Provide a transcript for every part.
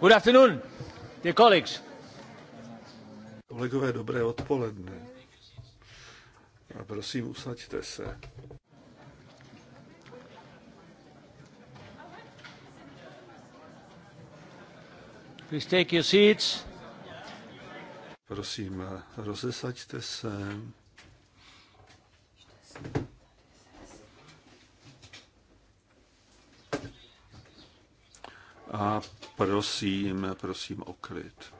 Good afternoon, dear colleagues. Kolegové, dobré odpoledne. A prosím, usaďte se. Please take your seats. Prosím, rozesaďte se. A Prosím, prosím o klid,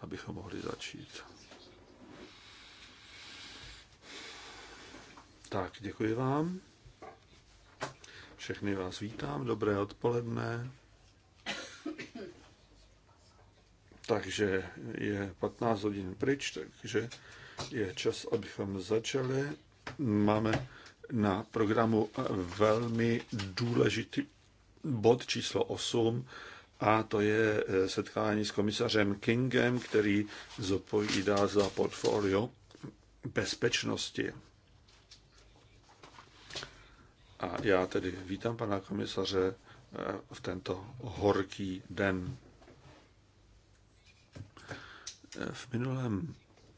abychom mohli začít. Tak, děkuji vám. Všechny vás vítám, dobré odpoledne. Takže je 15 hodin pryč, takže je čas, abychom začali. Máme na programu velmi důležitý bod číslo 8 a to je eh, setkání s komisařem Kingem, který zodpovídá za portfolio bezpečnosti. A já tedy vítám pana komisaře eh, v tento horký den. Eh, v minulém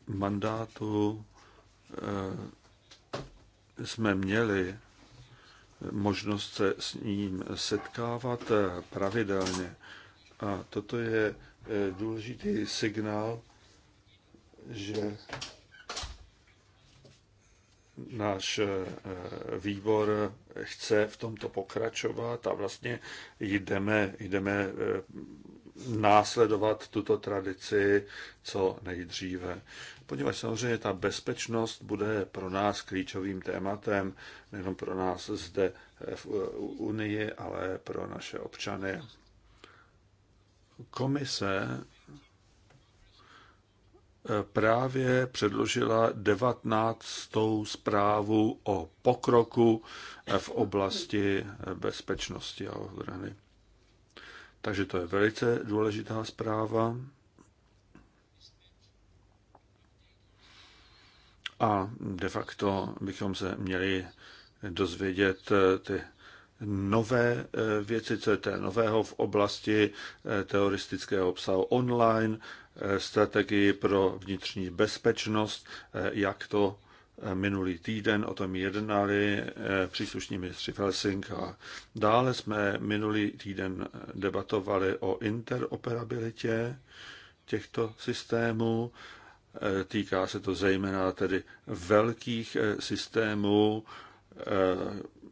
mandátu jsme měli možnost se s ním setkávat pravidelně. A toto je eh, důležitý signál, že náš eh, eh, výbor chce v tomto pokračovat a vlastně jdeme, jdeme eh, následovat tuto tradici co nejdříve. Poněvadž samozřejmě ta bezpečnost bude pro nás klíčovým tématem, nejenom pro nás zde v Unii, ale pro naše občany. Komise právě předložila 19. zprávu o pokroku v oblasti bezpečnosti a obrany. Takže to je velice důležitá zpráva. A de facto bychom se měli dozvědět eh, ty nové eh, věci, co je té nového v oblasti eh, teoristického obsahu online, Eh, strategii pro vnitřní bezpečnost, eh, jak to eh, minulý týden o tom jednali příslušní ministři Felsink. A Dále jsme minulý týden debatovali o interoperabilitě těchto systémů. Týká se to zejména tedy velkých systémů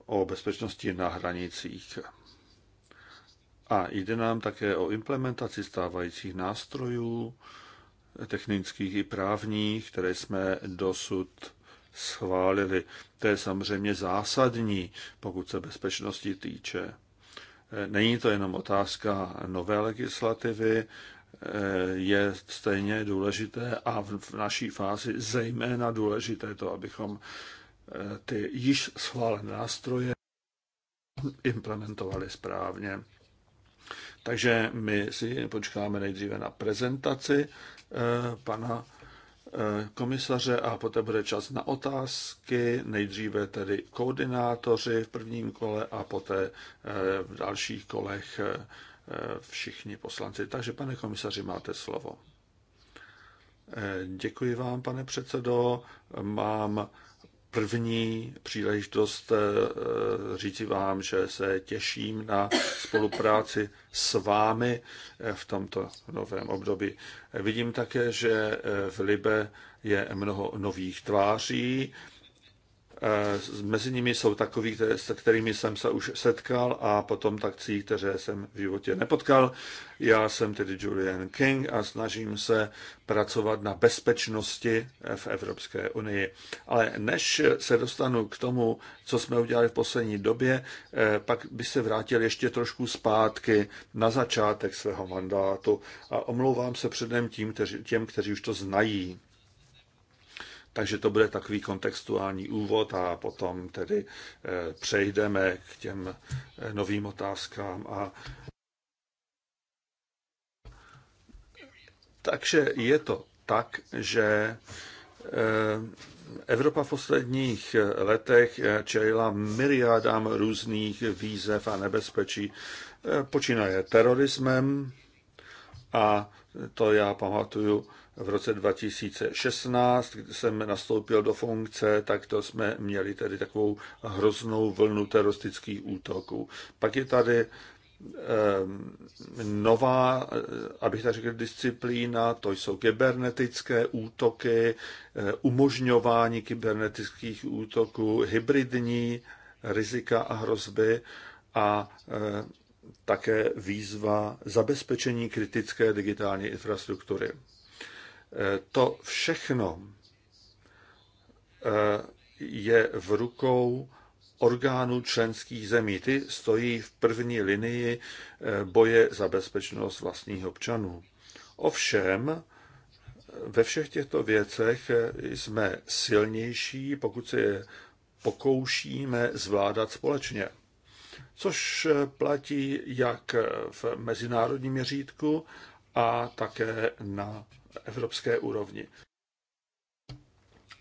o bezpečnosti na hranicích. A jde nám také o implementaci stávajících nástrojů, technických i právních, které jsme dosud schválili. To je samozřejmě zásadní, pokud se bezpečnosti týče. Není to jenom otázka nové legislativy, je stejně důležité a v naší fázi zejména důležité to, abychom eh, ty již schválené nástroje implementovali správně. Takže my si počkáme nejdříve na prezentaci eh, pana eh, komisaře a poté bude čas na otázky, nejdříve tedy koordinátoři v prvním kole a poté eh, v dalších kolech všichni poslanci. Takže pane komisaři, máte slovo. Děkuji vám, pane předsedo. Mám první příležitost eh, eh, říci vám, že se těším na spolupráci s vámi eh, v tomto novém období. Vidím také, že v Libe je mnoho nových tváří, Eh, mezi nimi jsou takový, se kterými jsem se už setkal a potom takcí, které jsem v životě nepotkal. Já jsem tedy Julian King a snažím se pracovat na bezpečnosti eh, v Evropské unii. Ale než se dostanu k tomu, co jsme udělali v poslední době, eh, pak by se vrátil ještě trošku zpátky na začátek svého mandátu a omlouvám se předem tím, kteři, těm, kteří už to znají. Takže to bude takový kontextuální úvod a potom tedy eh, přejdeme k těm eh, novým otázkám. A takže je to tak, že eh, Evropa v posledních letech čelila myriádám různých výzev a nebezpečí. Počínaje terorismem a to já pamatuju v roce 2016, kdy jsem nastoupil do funkce, tak to jsme měli tedy takovou hroznou vlnu teroristických útoků. Pak je tady ehm, nová, abych tak řekl, disciplína, to jsou kybernetické útoky, eh, umožňování kybernetických útoků, hybridní rizika a hrozby a eh, také výzva zabezpečení kritické digitální infrastruktury. To všechno eh, je v rukou orgánů členských zemí. Ty stojí v první linii eh, boje za bezpečnost vlastních občanů. Ovšem, ve všech těchto věcech eh, jsme silnější, pokud se je pokoušíme zvládat společně. Což platí jak v mezinárodním měřítku a také na evropské úrovni.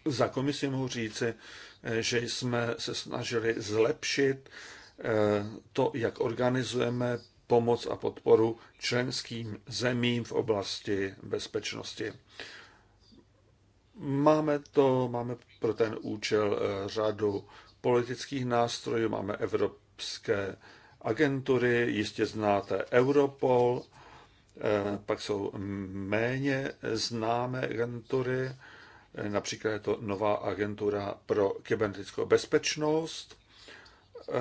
Za komisi mohu říci, že jsme se snažili zlepšit eh, to, jak organizujeme pomoc a podporu členským zemím v oblasti bezpečnosti. Máme to, máme pro ten účel eh, řadu politických nástrojů, máme evropské agentury, jistě znáte Europol, Eh, pak jsou méně známé agentury, eh, například je to nová agentura pro kybernetickou bezpečnost. Eh,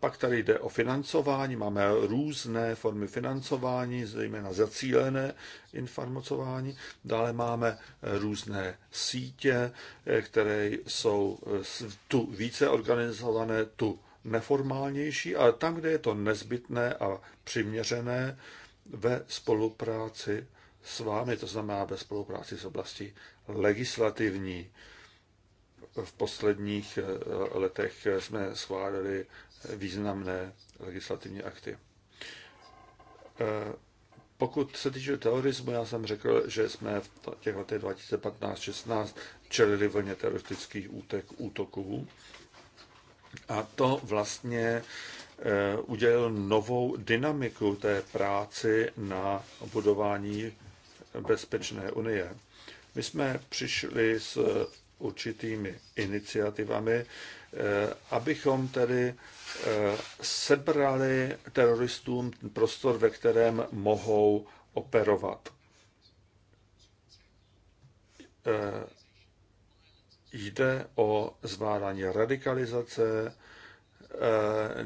pak tady jde o financování, máme různé formy financování, zejména zacílené informacování. Dále máme různé sítě, které jsou tu více organizované, tu neformálnější, ale tam, kde je to nezbytné a přiměřené, ve spolupráci s vámi, to znamená ve spolupráci s oblastí legislativní. V posledních eh, letech jsme schválili významné legislativní akty. Eh, pokud se týče terorismu, já jsem řekl, že jsme v těch letech 2015-16 čelili vlně teroristických útek, útoků. A to vlastně Eh, udělil novou dynamiku té práci na budování bezpečné unie. My jsme přišli s určitými iniciativami, eh, abychom tedy eh, sebrali teroristům prostor, ve kterém mohou operovat. Jde o zvládání radikalizace, Eh,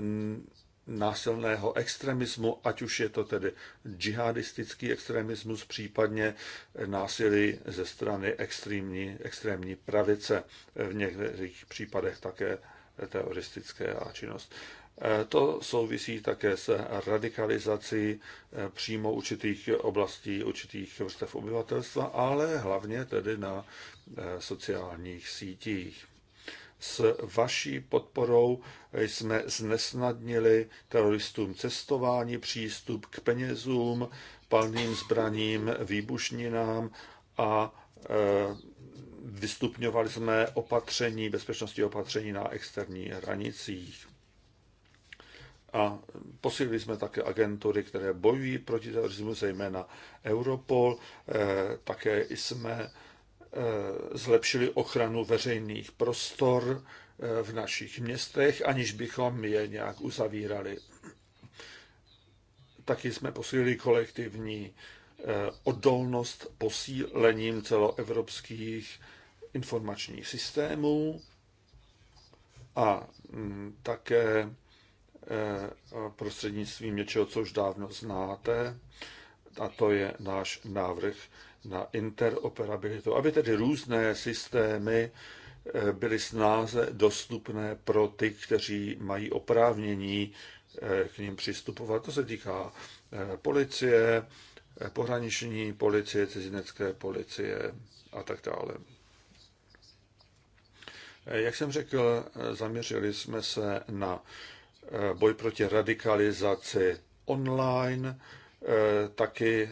násilného extremismu, ať už je to tedy džihadistický extremismus, případně násilí ze strany extrémní, extrémní pravice, v některých případech také teroristické a činnost. Eh, to souvisí také s radikalizací eh, přímo určitých oblastí, určitých vrstev obyvatelstva, ale hlavně tedy na sociálních sítích. S vaší podporou jsme znesnadnili teroristům cestování, přístup k penězům, palným zbraním, výbušninám a eh, vystupňovali jsme opatření, bezpečnostní opatření na externích hranicích. A posílili jsme také agentury, které bojují proti terorismu, zejména Europol. Eh, také jsme Eh, zlepšili ochranu veřejných prostor eh, v našich městech, aniž bychom je nějak uzavírali. Taky jsme posílili kolektivní eh, odolnost posílením celoevropských informačních systémů a mm, také prostřednictvím něčeho, co už dávno znáte, a to je náš návrh na interoperabilitu, aby tedy různé systémy eh, byly snáze dostupné pro ty, kteří mají oprávnění eh, k ním přistupovat. To se týká eh, policie, pohraniční policie, cizinecké policie a tak dále. Jak jsem řekl, zaměřili jsme se na boj proti radikalizaci online, Eh, taky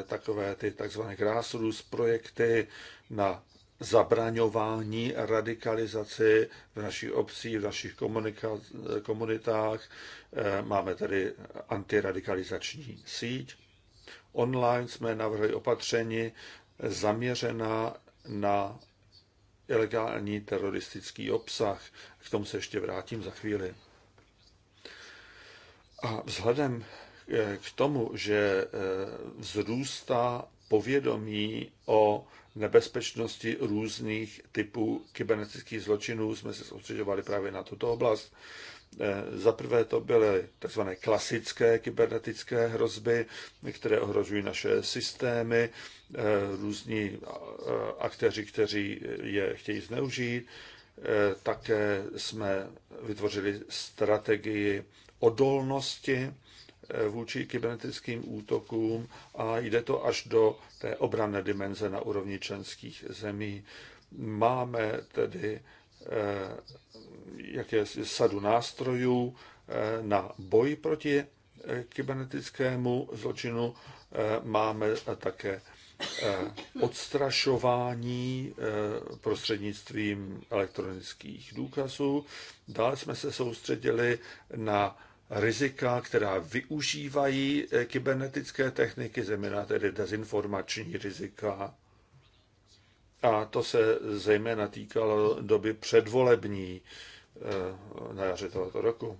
eh, takové ty takzvané grassroots projekty na zabraňování radikalizaci v našich obcích, v našich komunitách. Eh, máme tedy antiradikalizační síť. Online jsme navrhli opatření zaměřená na ilegální teroristický obsah. K tomu se ještě vrátím za chvíli. A vzhledem k tomu, že e, vzrůstá povědomí o nebezpečnosti různých typů kybernetických zločinů, jsme se soustředovali právě na tuto oblast. E, za prvé to byly tzv. klasické kybernetické hrozby, které ohrožují naše systémy, e, různí aktéři, kteří je chtějí zneužít. Také jsme vytvořili strategii odolnosti Eh, vůči kybernetickým útokům a jde to až do té obranné dimenze na úrovni členských zemí. Máme tedy eh, jaké sadu nástrojů eh, na boj proti kybernetickému zločinu. Máme také odstrašování prostřednictvím elektronických důkazů. Dále jsme se soustředili na rizika, která využívají eh, kybernetické techniky, zejména tedy dezinformační rizika. A to se zejména týkalo doby předvolební eh, na jaře tohoto roku.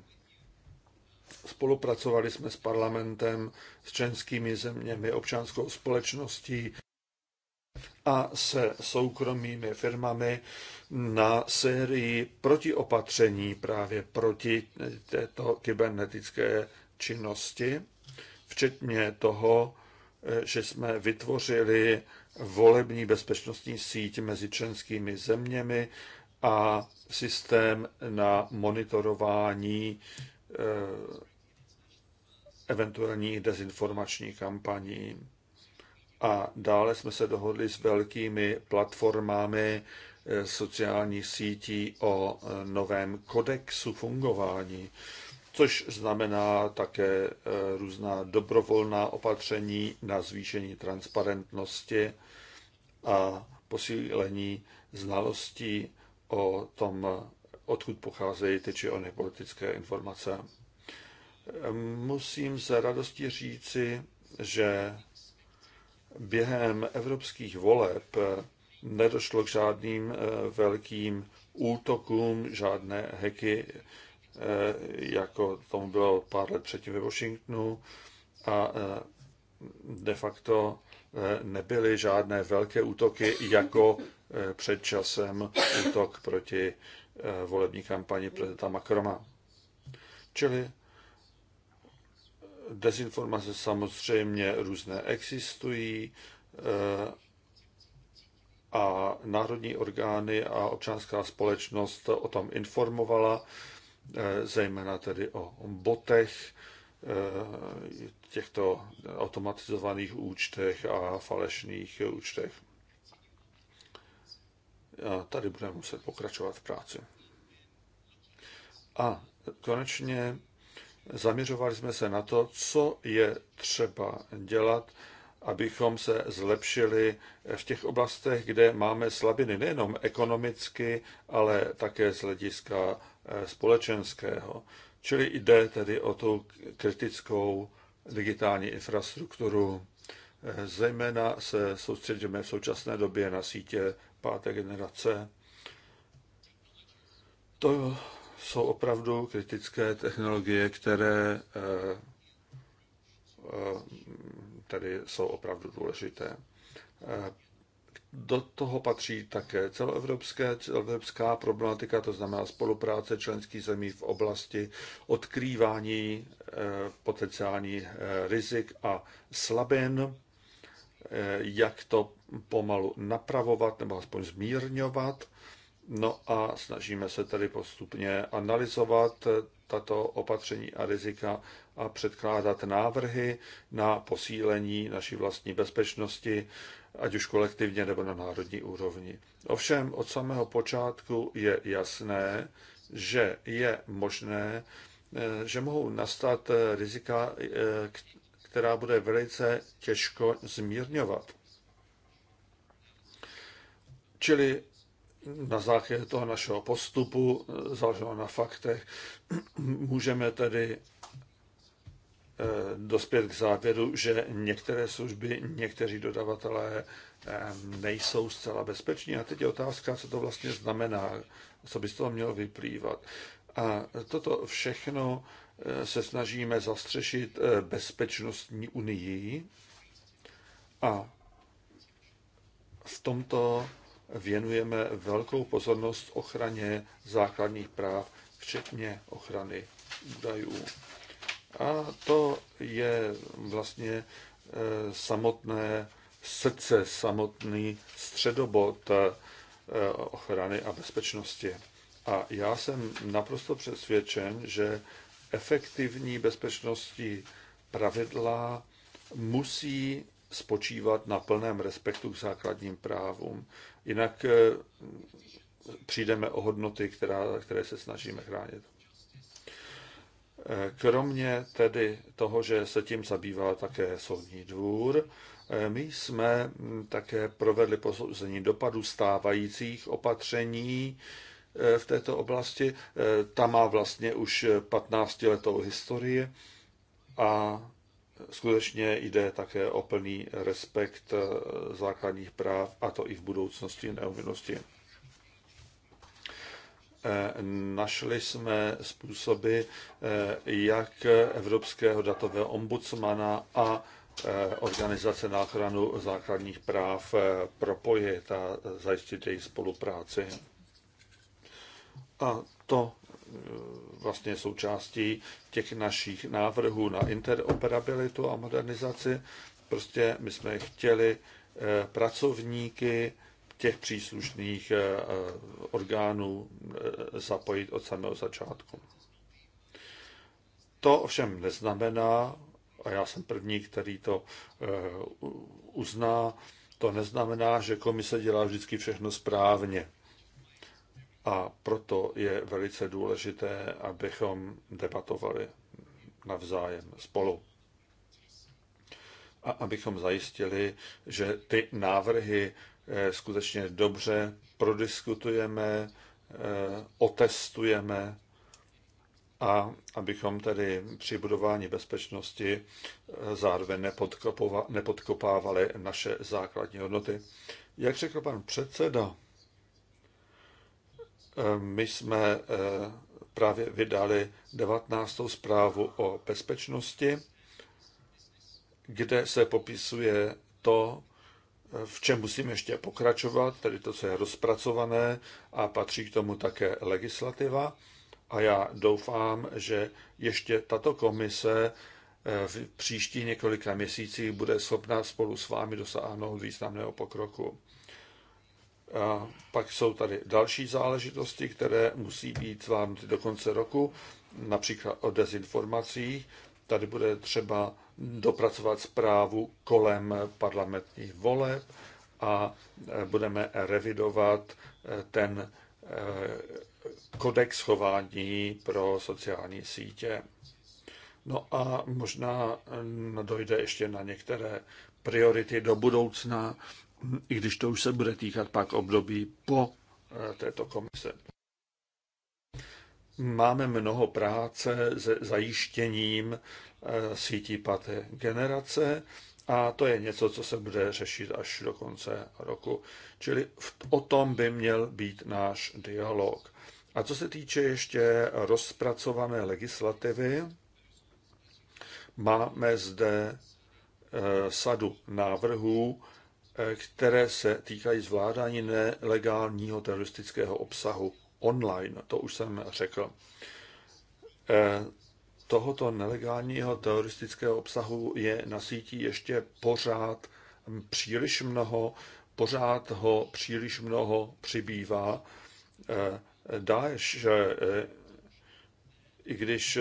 Spolupracovali jsme s parlamentem, s členskými zeměmi, občanskou společností, a se soukromými firmami na sérii protiopatření právě proti této kybernetické činnosti, včetně toho, že jsme vytvořili volební bezpečnostní síť mezi členskými zeměmi a systém na monitorování eh, eventuálních dezinformačních kampaní. A dále jsme se dohodli s velkými platformami eh, sociálních sítí o eh, novém kodexu fungování, což znamená také eh, různá dobrovolná opatření na zvýšení transparentnosti a posílení znalostí o tom, odkud pocházejí ty či ony politické informace. Ehm, musím se radosti říci, že během evropských voleb eh, nedošlo k žádným eh, velkým útokům, žádné heky, eh, jako tomu bylo pár let předtím ve Washingtonu a de facto nebyly žádné velké útoky, jako před časem útok proti volební kampani prezidenta Macrona. Čili Dezinformace samozřejmě různé existují eh, a národní orgány a občanská společnost o tom informovala, eh, zejména tedy o botech, eh, těchto automatizovaných účtech a falešných účtech. A tady budeme muset pokračovat v práci. A konečně Zaměřovali jsme se na to, co je třeba dělat, abychom se zlepšili v těch oblastech, kde máme slabiny nejenom ekonomicky, ale také z hlediska eh, společenského. Čili jde tedy o tu kritickou digitální infrastrukturu. Eh, zejména se soustředíme v současné době na sítě páté generace. To jsou opravdu kritické technologie, které eh, eh, tady jsou opravdu důležité. Eh, do toho patří také celoevropské, celoevropská problematika, to znamená spolupráce členských zemí v oblasti odkrývání potenciálních rizik a slabin, jak to pomalu napravovat nebo aspoň zmírňovat No a snažíme se tedy postupně analyzovat tato opatření a rizika a předkládat návrhy na posílení naší vlastní bezpečnosti, ať už kolektivně nebo na národní úrovni. Ovšem od samého počátku je jasné, že je možné, že mohou nastat rizika, která bude velice těžko zmírňovat. Čili na základě toho našeho postupu, eh, založeno na faktech, můžeme tedy eh, dospět k závěru, že některé služby, někteří dodavatelé eh, nejsou zcela bezpeční. A teď je otázka, co to vlastně znamená, co by z toho mělo vyplývat. A toto všechno se snažíme zastřešit bezpečnostní unii a v tomto věnujeme velkou pozornost ochraně základních práv, včetně ochrany údajů. A to je vlastně e, samotné srdce, samotný středobod e, ochrany a bezpečnosti. A já jsem naprosto přesvědčen, že efektivní bezpečnostní pravidla musí spočívat na plném respektu k základním právům. Jinak eh, přijdeme o hodnoty, která, které se snažíme chránit. Eh, kromě tedy toho, že se tím zabývá také soudní dvůr, eh, my jsme hm, také provedli posouzení dopadu stávajících opatření v této oblasti. Ta má vlastně už 15-letou historii a skutečně jde také o plný respekt eh, základních práv, a to i v budoucnosti neuměnosti. Eh, našli jsme způsoby, eh, jak Evropského datového ombudsmana a organizace na ochranu základních práv propojit a zajistit jejich spolupráci. A to Eh, vlastně součástí těch našich návrhů na interoperabilitu a modernizaci. Prostě my jsme chtěli eh, pracovníky těch příslušných eh, orgánů zapojit od samého začátku. To ovšem neznamená, a já jsem první, který to uzná, to neznamená, že komise dělá vždycky všechno správně. A proto je velice důležité, abychom debatovali navzájem spolu. A abychom zajistili, že ty návrhy eh, skutečně dobře prodiskutujeme, eh, otestujeme a abychom tedy při budování bezpečnosti eh, zároveň nepodkopávali naše základní hodnoty. Jak řekl pan předseda, my jsme eh, právě vydali 19. zprávu o bezpečnosti, kde se popisuje to, eh, v čem musíme ještě pokračovat, tedy to, co je rozpracované a patří k tomu také legislativa. A já doufám, že ještě tato komise eh, v příští několika měsících bude schopna spolu s vámi dosáhnout významného pokroku. A pak jsou tady další záležitosti, které musí být zvládnuty do konce roku, například o dezinformacích. Tady bude třeba dopracovat zprávu kolem parlamentních voleb a e, budeme revidovat e, ten e, kodex chování pro sociální sítě. No a možná dojde ještě na některé priority do budoucna i když to už se bude týkat pak období po eh, této komise. Máme mnoho práce se zajištěním eh, sítí páté generace a to je něco, co se bude řešit až do konce roku. Čili o tom by měl být náš dialog. A co se týče ještě rozpracované legislativy, máme zde eh, sadu návrhů, Eh, které se týkají zvládání nelegálního teroristického obsahu online. To už jsem řekl. Eh, tohoto nelegálního teroristického obsahu je na síti ještě pořád příliš mnoho, pořád ho příliš mnoho přibývá. Daesh, eh, i když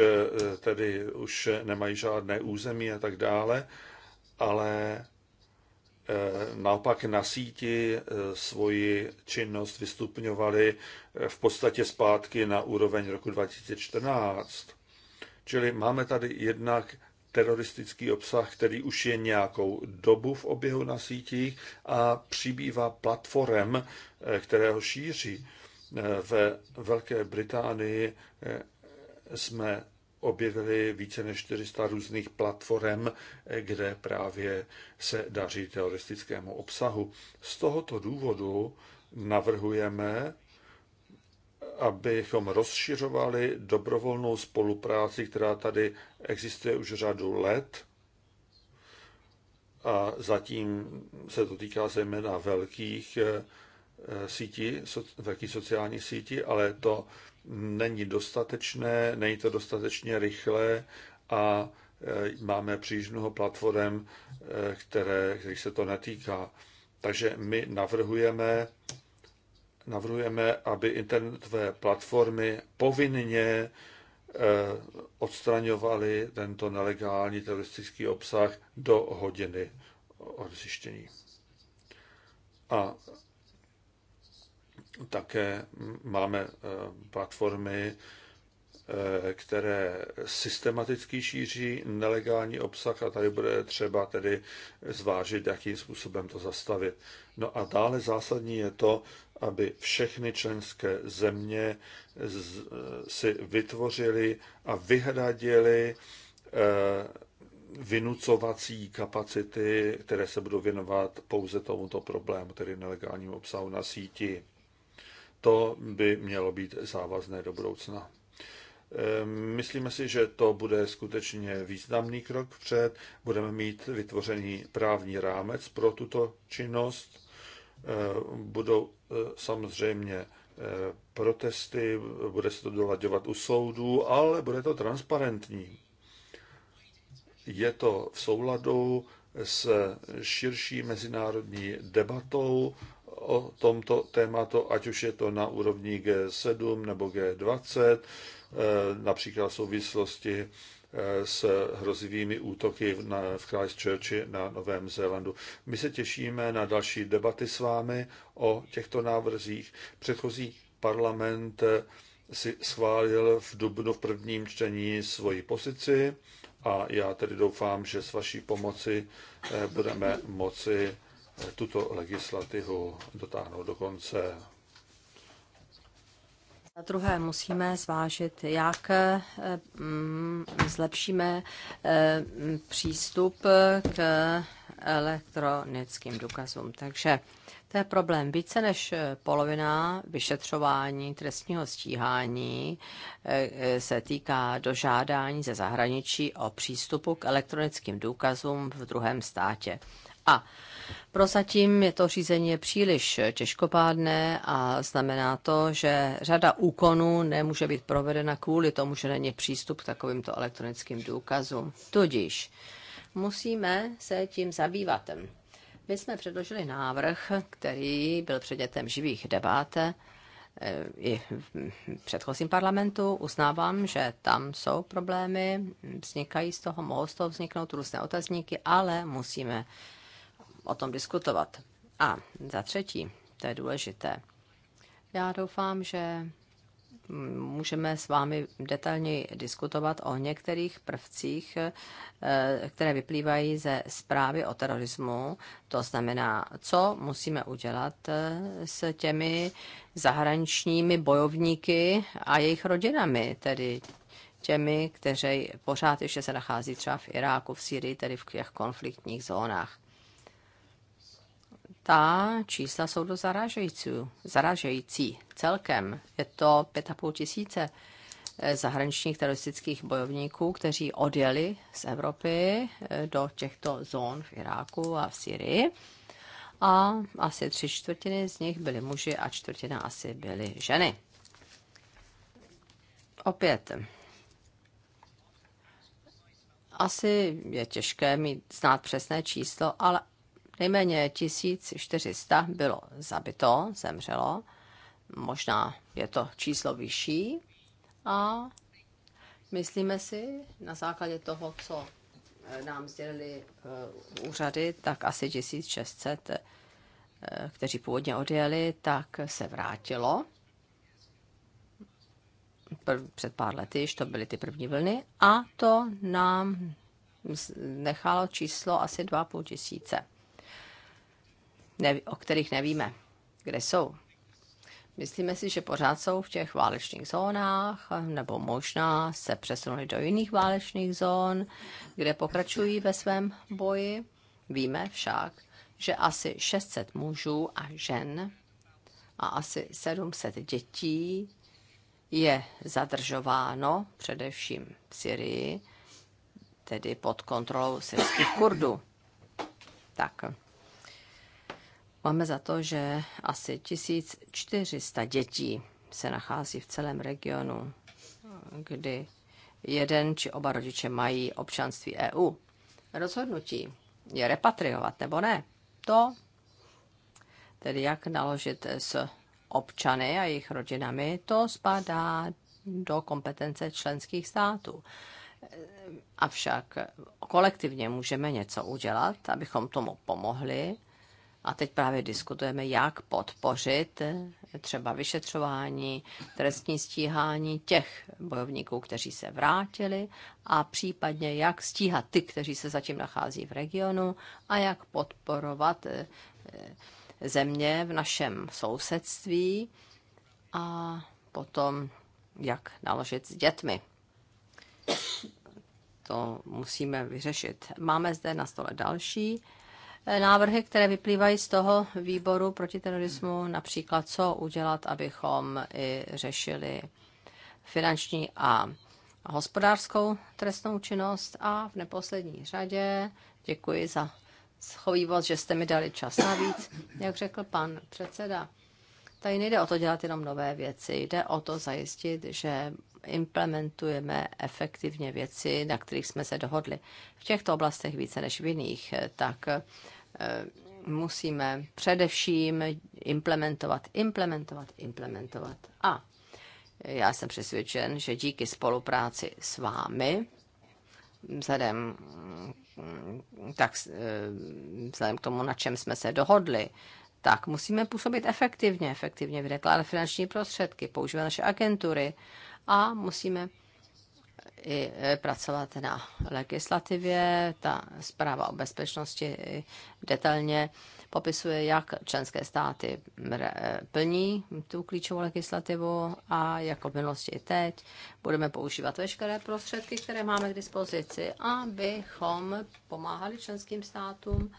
tedy už nemají žádné území a tak dále, ale Eh, naopak na síti eh, svoji činnost vystupňovali eh, v podstatě zpátky na úroveň roku 2014. Čili máme tady jednak teroristický obsah, který už je nějakou dobu v oběhu na sítích a přibývá platform, které ho šíří. Ve Velké Británii jsme objevily více než 400 různých platform, kde právě se daří teroristickému obsahu. Z tohoto důvodu navrhujeme, abychom rozšiřovali dobrovolnou spolupráci, která tady existuje už řadu let. A zatím se to týká zejména velkých eh, sítí, velkých sociálních sítí, ale to není dostatečné, není to dostatečně rychlé a e, máme příliš mnoho platform, e, které, kterých se to netýká. Takže my navrhujeme, navrhujeme, aby internetové platformy povinně e, odstraňovaly tento nelegální teroristický obsah do hodiny odzjištění. A také máme eh, platformy, eh, které systematicky šíří nelegální obsah a tady bude třeba tedy zvážit, jakým způsobem to zastavit. No a dále zásadní je to, aby všechny členské země eh, si vytvořili a vyhradili vynucovací kapacity, které se budou věnovat pouze tomuto problému, tedy nelegálnímu obsahu na síti to by mělo být závazné do budoucna. Ehm, myslíme si, že to bude skutečně významný krok před. Budeme mít vytvořený právní rámec pro tuto činnost. Ehm, budou eh, samozřejmě eh, protesty, bude se to dolaďovat u soudů, ale bude to transparentní. Je to v souladu s širší mezinárodní debatou o tomto tématu, ať už je to na úrovni G7 nebo G20, eh, například v souvislosti eh, s hrozivými útoky v Christchurchi na Novém Zélandu. My se těšíme na další debaty s vámi o těchto návrzích. Předchozí parlament eh, si schválil v dubnu v prvním čtení svoji pozici a já tedy doufám, že s vaší pomoci budeme moci tuto legislativu dotáhnout do konce. Za druhé musíme zvážit, jak eh, mm, zlepšíme eh, přístup k elektronickým důkazům. Takže to je problém. Více než eh, polovina vyšetřování trestního stíhání se týká dožádání ze zahraničí o přístupu k elektronickým důkazům v druhém státě. A Prozatím je to řízení příliš těžkopádné a znamená to, že řada úkonů nemůže být provedena kvůli tomu, že není přístup k takovýmto elektronickým důkazům. Tudíž musíme se tím zabývat. My jsme předložili návrh, který byl předmětem živých debat eh, i v předchozím parlamentu. Uznávám, že tam jsou problémy, vznikají z toho, mohou z toho vzniknout různé otazníky, ale musíme o tom diskutovat. A za třetí, to je důležité, já doufám, že můžeme s vámi detailně diskutovat o některých prvcích, eh, které vyplývají ze zprávy o terorismu. To znamená, co musíme udělat eh, s těmi zahraničními bojovníky a jejich rodinami, tedy těmi, kteří pořád ještě se nachází třeba v Iráku, v Syrii, tedy v těch konfliktních zónách ta čísla jsou do zarážející. zarážející. Celkem je to 5,5 tisíce eh, zahraničních teroristických bojovníků, kteří odjeli z Evropy eh, do těchto zón v Iráku a v Syrii. A asi tři čtvrtiny z nich byly muži a čtvrtina asi byly ženy. Opět, asi je těžké mít znát přesné číslo, ale Nejméně 1400 bylo zabito, zemřelo, možná je to číslo vyšší a myslíme si na základě toho, co eh, nám sdělili eh, úřady, tak asi 1600, eh, kteří původně odjeli, tak se vrátilo. Před pár lety již to byly ty první vlny a to nám nechalo číslo asi 2,5 tisíce neví, o kterých nevíme, kde jsou. Myslíme si, že pořád jsou v těch válečných zónách, nebo možná se přesunuli do jiných válečných zón, kde pokračují ve svém boji. Víme však, že asi 600 mužů a žen a asi 700 dětí je zadržováno, především v Syrii, tedy pod kontrolou syrských Kurdů. Tak Máme za to, že asi 1400 dětí se nachází v celém regionu, kdy jeden či oba rodiče mají občanství EU. Rozhodnutí je repatriovat nebo ne. To, tedy jak naložit s občany a jejich rodinami, to spadá do kompetence členských států. Avšak kolektivně můžeme něco udělat, abychom tomu pomohli a teď právě diskutujeme, jak podpořit třeba vyšetřování, trestní stíhání těch bojovníků, kteří se vrátili a případně jak stíhat ty, kteří se zatím nachází v regionu a jak podporovat eh, země v našem sousedství a potom jak naložit s dětmi. To musíme vyřešit. Máme zde na stole další návrhy, které vyplývají z toho výboru proti terorismu, například co udělat, abychom i řešili finanční a hospodářskou trestnou činnost a v neposlední řadě děkuji za schovývost, že jste mi dali čas navíc, jak řekl pan předseda. Tady nejde o to dělat jenom nové věci, jde o to zajistit, že implementujeme efektivně věci, na kterých jsme se dohodli. V těchto oblastech více než v jiných, tak Eh, musíme především implementovat, implementovat, implementovat. A já jsem přesvědčen, že díky spolupráci s vámi, vzhledem, tak, eh, vzhledem k tomu, na čem jsme se dohodli, tak musíme působit efektivně, efektivně vydekládat finanční prostředky, používat naše agentury a musíme i e, pracovat na legislativě. Ta zpráva o bezpečnosti detailně popisuje, jak členské státy plní tu klíčovou legislativu a jako v minulosti i teď budeme používat veškeré prostředky, které máme k dispozici, abychom pomáhali členským státům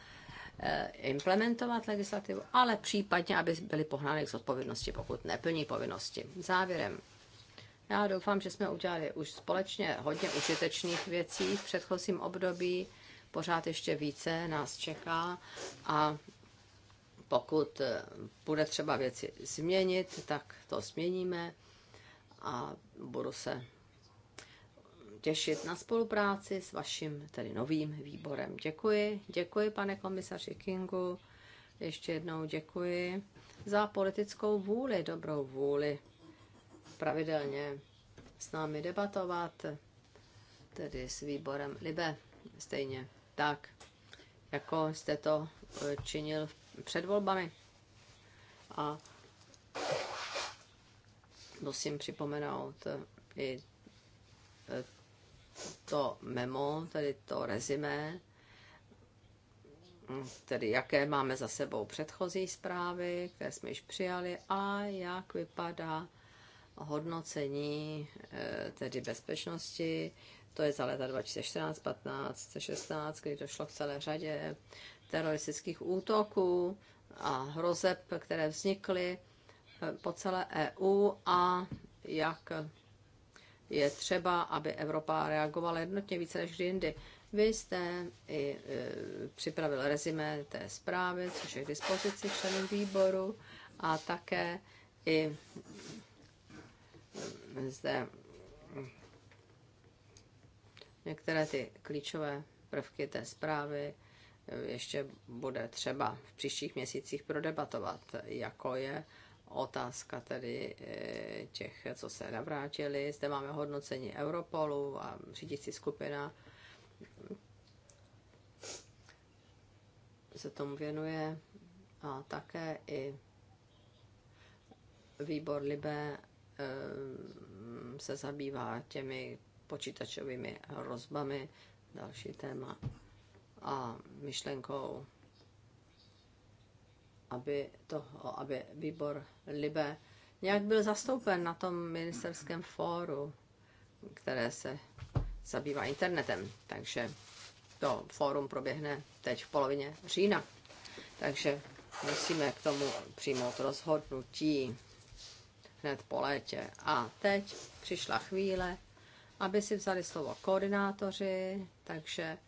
e, implementovat legislativu, ale případně, aby byli pohnány k zodpovědnosti, pokud neplní povinnosti. Závěrem já doufám, že jsme udělali už společně hodně užitečných věcí v předchozím období. Pořád ještě více nás čeká a pokud eh, bude třeba věci změnit, tak to změníme a budu se těšit na spolupráci s vaším tedy novým výborem. Děkuji, děkuji pane komisaři Kingu, ještě jednou děkuji za politickou vůli, dobrou vůli pravidelně s námi debatovat, tedy s výborem Libe, stejně tak, jako jste to e, činil před volbami. A musím připomenout e, i e, to memo, tedy to rezime, tedy jaké máme za sebou předchozí zprávy, které jsme již přijali a jak vypadá hodnocení eh, tedy bezpečnosti, to je za leta 2014, 15, 16, kdy došlo k celé řadě teroristických útoků a hrozeb, které vznikly eh, po celé EU a jak je třeba, aby Evropa reagovala jednotně více než kdy jindy. Vy jste i e, připravil rezime té zprávy, což je k dispozici členů výboru a také i zde některé ty klíčové prvky té zprávy ještě bude třeba v příštích měsících prodebatovat, jako je otázka tedy eh, těch, co se navrátili. Zde máme hodnocení Europolu a řídící skupina se tomu věnuje a také i výbor Libé Ehm, se zabývá těmi počítačovými hrozbami, další téma, a myšlenkou, aby, to, aby výbor Libe nějak byl zastoupen na tom ministerském fóru, které se zabývá internetem. Takže to fórum proběhne teď v polovině října. Takže musíme k tomu přijmout rozhodnutí hned po létě. A teď přišla chvíle, aby si vzali slovo koordinátoři, takže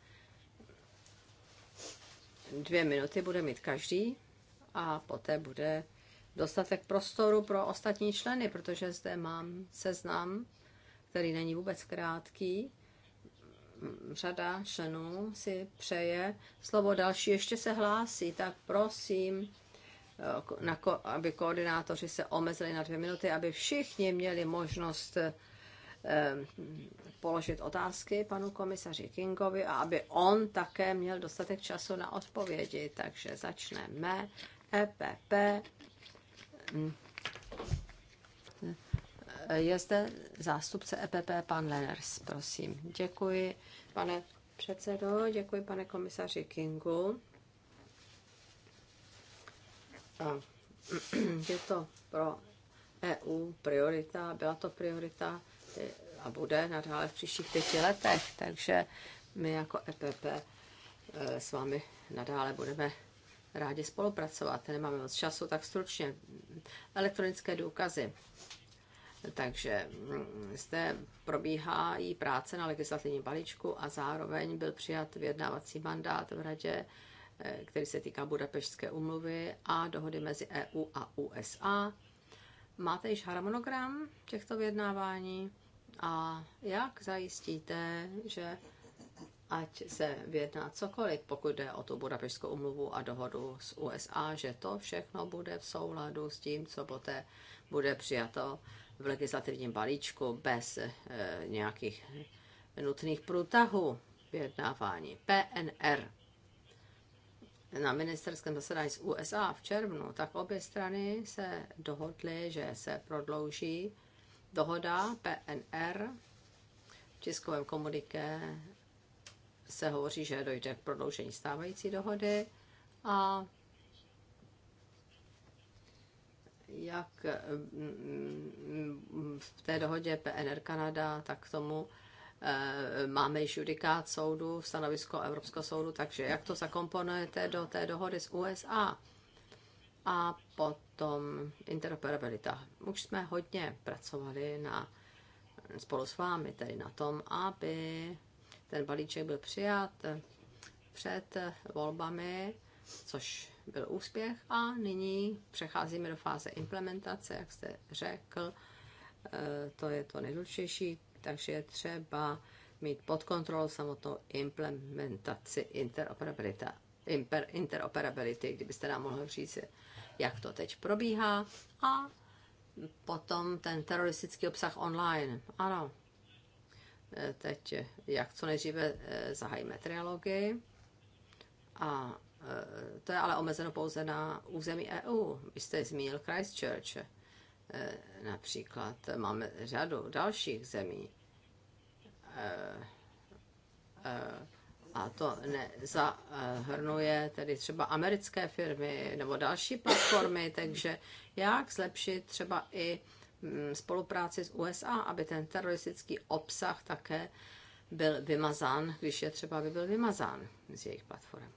dvě minuty bude mít každý a poté bude dostatek prostoru pro ostatní členy, protože zde mám seznam, který není vůbec krátký. Řada členů si přeje slovo další, ještě se hlásí, tak prosím, Eh, na ko, aby koordinátoři se omezili na dvě minuty, aby všichni měli možnost eh, položit otázky panu komisaři Kingovi a aby on také měl dostatek času na odpovědi. Takže začneme. EPP. Je zde zástupce EPP, pan Leners, prosím. Děkuji, pane předsedo, děkuji, pane komisaři Kingu a je to pro EU priorita, byla to priorita a bude nadále v příštích pěti letech, takže my jako EPP e, s vámi nadále budeme rádi spolupracovat. Nemáme moc času, tak stručně. Elektronické důkazy. Takže mm, zde probíhá i práce na legislativním balíčku a zároveň byl přijat vyjednávací mandát v radě Eh, který se týká Budapešské umluvy a dohody mezi EU a USA. Máte již harmonogram těchto vyjednávání a jak zajistíte, že ať se vyjedná cokoliv, pokud jde o tu Budapešskou umluvu a dohodu s USA, že to všechno bude v souladu s tím, co poté bude přijato v legislativním balíčku bez e, nějakých nutných průtahů vyjednávání. PNR na ministerském zasedání z USA v červnu, tak obě strany se dohodly, že se prodlouží dohoda PNR. V českovém komuniké se hovoří, že dojde k prodloužení stávající dohody a jak mm, mm, v té dohodě PNR Kanada, tak k tomu Eh, máme judikát soudu, stanovisko Evropského soudu, takže jak to zakomponujete do té dohody s USA? A potom interoperabilita. Už jsme hodně pracovali na, spolu s vámi tedy na tom, aby ten balíček byl přijat před volbami, což byl úspěch a nyní přecházíme do fáze implementace, jak jste řekl, eh, to je to nejdůležitější, takže je třeba mít pod kontrolou samotnou implementaci interoperability, imper, interoperability, kdybyste nám mohl říct, jak to teď probíhá. A potom ten teroristický obsah online. Ano, e, teď e, jak co nejdříve e, zahajíme trialogy. A to je ale omezeno pouze na území EU. Vy jste zmínil Christchurch Eh, například máme řadu dalších zemí. Eh, eh, a to nezahrnuje tedy třeba americké firmy nebo další platformy, takže jak zlepšit třeba i mm, spolupráci s USA, aby ten teroristický obsah také byl vymazán, když je třeba, aby byl vymazán z jejich platform.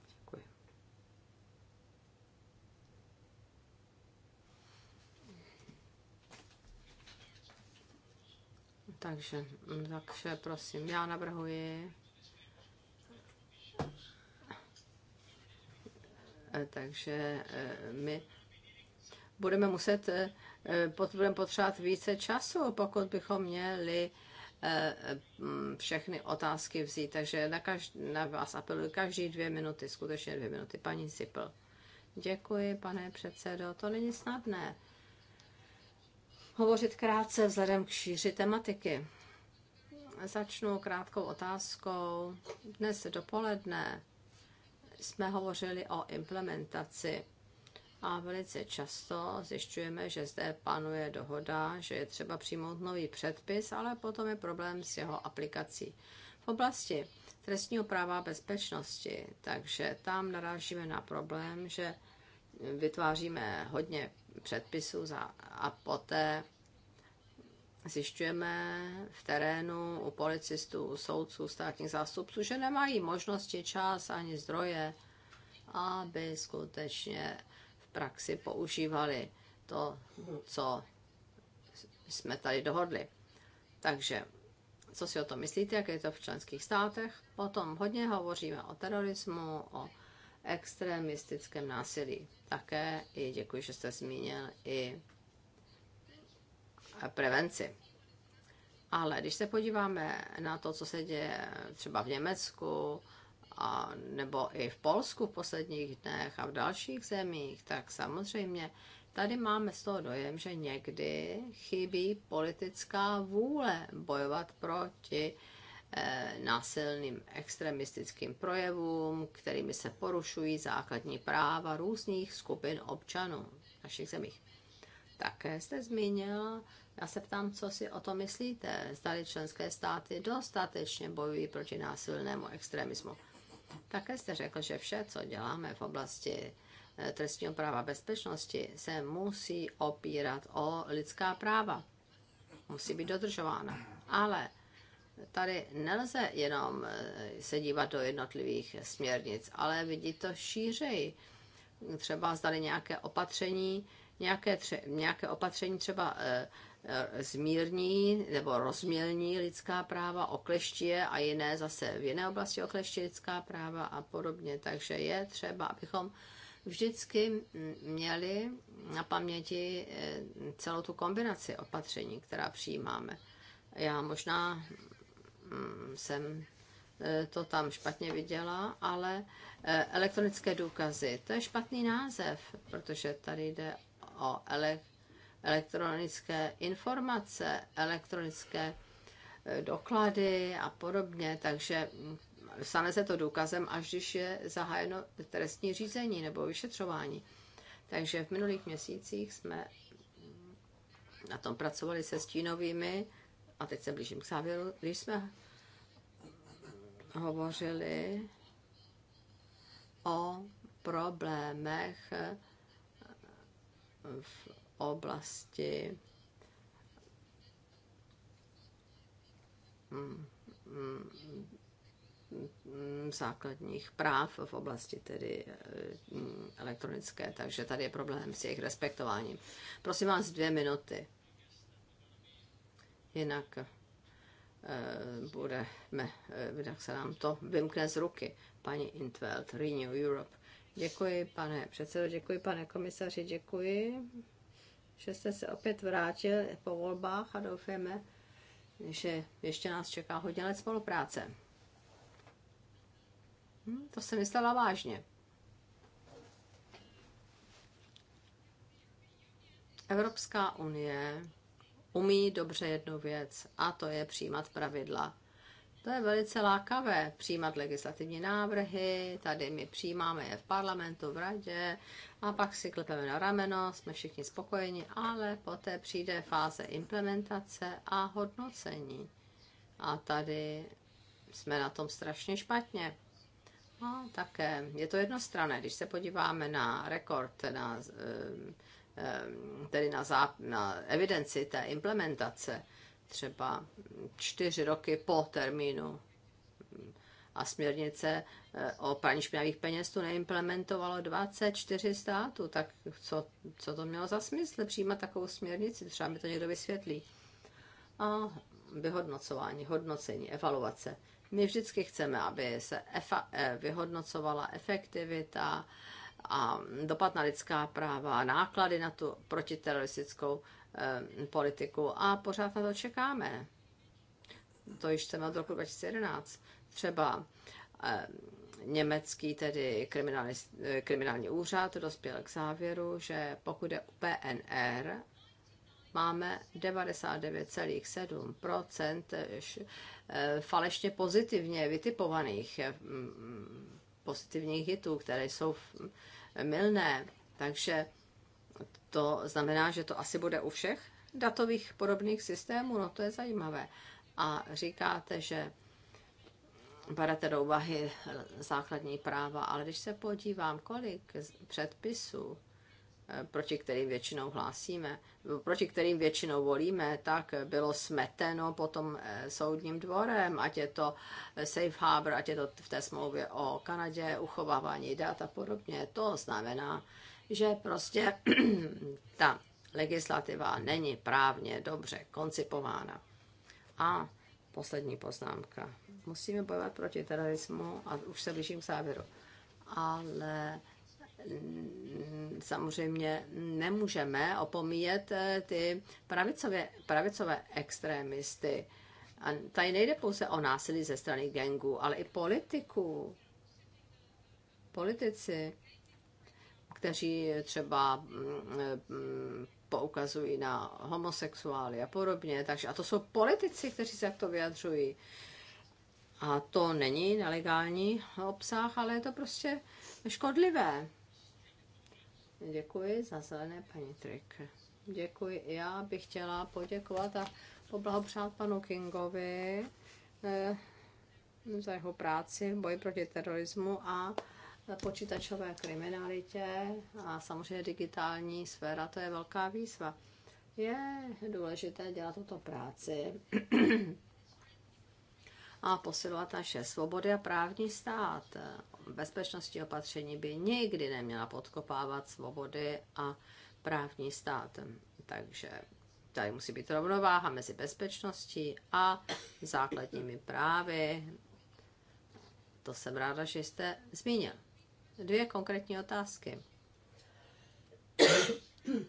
Takže, mm, takže prosím, já navrhuji. Eh, takže eh, my budeme muset, eh, budeme potřebovat více času, pokud bychom měli mm, všechny otázky vzít. Takže na, každý, na vás apeluji každý dvě minuty, skutečně dvě minuty. Paní Sipl. Děkuji, pane předsedo. To není snadné hovořit krátce vzhledem k šíři tematiky. Začnu krátkou otázkou. Dnes dopoledne jsme hovořili o implementaci a velice často zjišťujeme, že zde panuje dohoda, že je třeba přijmout nový předpis, ale potom je problém s jeho aplikací. V oblasti trestního práva a bezpečnosti, takže tam narážíme na problém, že vytváříme hodně předpisů a poté zjišťujeme v terénu u policistů, u soudců, státních zástupců, že nemají možnosti, čas ani zdroje, aby skutečně v praxi používali to, co jsme tady dohodli. Takže co si o tom myslíte, jak je to v členských státech? Potom hodně hovoříme o terorismu, o extremistickém násilí. Také i děkuji, že jste zmínil i eh, prevenci. Ale když se podíváme na to, co se děje třeba v Německu, a, nebo i v Polsku v posledních dnech a v dalších zemích, tak samozřejmě tady máme z toho dojem, že někdy chybí politická vůle bojovat proti uh, Eh, násilným extremistickým projevům, kterými se porušují základní práva různých skupin občanů v našich zemích. Také jste zmínil, já se ptám, co si o to myslíte, zdali členské státy dostatečně bojují proti násilnému extremismu. Také jste řekl, že vše, co děláme v oblasti eh, trestního práva bezpečnosti, se musí opírat o lidská práva. Musí být dodržována. Ale tady nelze jenom eh, se dívat do jednotlivých směrnic, ale vidět to šířej. Třeba zdali nějaké opatření, nějaké, tře, nějaké opatření třeba e, e, zmírní nebo rozmělní lidská práva, okleští je a jiné zase v jiné oblasti okleští lidská práva a podobně. Takže je třeba, abychom vždycky měli na paměti eh, celou tu kombinaci opatření, která přijímáme. Já možná Mm, jsem e, to tam špatně viděla, ale e, elektronické důkazy, to je špatný název, protože tady jde o ele, elektronické informace, elektronické e, doklady a podobně, takže mm, stane se to důkazem, až když je zahájeno trestní řízení nebo vyšetřování. Takže v minulých měsících jsme na tom pracovali se stínovými a teď se blížím k závěru, když jsme hovořili o problémech v oblasti mm, základních práv v oblasti tedy mm, elektronické, takže tady je problém s jejich respektováním. Prosím vás dvě minuty jinak eh, budeme, jak eh, se nám to vymkne z ruky. Paní Intveld, Renew Europe. Děkuji, pane předsedo, děkuji, pane komisaři, děkuji, že jste se opět vrátil po volbách a doufáme, že ještě nás čeká hodně let spolupráce. Hm, to se myslela vážně. Evropská unie umí dobře jednu věc, a to je přijímat pravidla. To je velice lákavé, přijímat legislativní návrhy, tady my přijímáme je v parlamentu, v radě a pak si klepeme na rameno, jsme všichni spokojeni, ale poté přijde fáze implementace a hodnocení. A tady jsme na tom strašně špatně. A no, také je to jednostrané, když se podíváme na rekord, na eh, Ehm, tedy na, záp- na evidenci té implementace třeba čtyři roky po termínu a směrnice eh, o praní špinavých peněz tu neimplementovalo 24 států, tak co, co to mělo za smysl přijímat takovou směrnici? Třeba mi to někdo vysvětlí. A vyhodnocování, hodnocení, evaluace. My vždycky chceme, aby se efa, eh, vyhodnocovala efektivita, a dopad na lidská práva, náklady na tu protiteroristickou eh, politiku a pořád na to čekáme. To již chceme od roku 2011. Třeba eh, německý tedy kriminální, eh, kriminální úřad dospěl k závěru, že pokud je PNR, máme 99,7% falešně pozitivně vytipovaných pozitivních hitů, které jsou milné. Takže to znamená, že to asi bude u všech datových podobných systémů, no to je zajímavé. A říkáte, že berete do úvahy základní práva, ale když se podívám, kolik předpisů Eh, proti kterým většinou hlásíme, proti kterým většinou volíme, tak bylo smeteno potom eh, soudním dvorem, ať je to eh, safe harbor, ať je to v té smlouvě o Kanadě, uchovávání dat a podobně. To znamená, že prostě ta legislativa není právně dobře koncipována. A poslední poznámka. Musíme bojovat proti terorismu a už se blížím k závěru. Ale Mm, samozřejmě nemůžeme opomíjet eh, ty pravicové, pravicové extrémisty. A tady nejde pouze o násilí ze strany gangů, ale i politiků. Politici, kteří třeba mm, mm, poukazují na homosexuály a podobně. Takže, a to jsou politici, kteří se to vyjadřují. A to není nelegální obsah, ale je to prostě škodlivé. Děkuji za zelené paní Trik. Děkuji. Já bych chtěla poděkovat a poblahopřát panu Kingovi eh, za jeho práci v boji proti terorismu a počítačové kriminalitě a samozřejmě digitální sféra, to je velká výzva. Je důležité dělat tuto práci a posilovat naše svobody a právní stát. Bezpečnostní opatření by nikdy neměla podkopávat svobody a právní stát. Takže tady musí být rovnováha mezi bezpečností a základními právy. To jsem ráda, že jste zmínil. Dvě konkrétní otázky.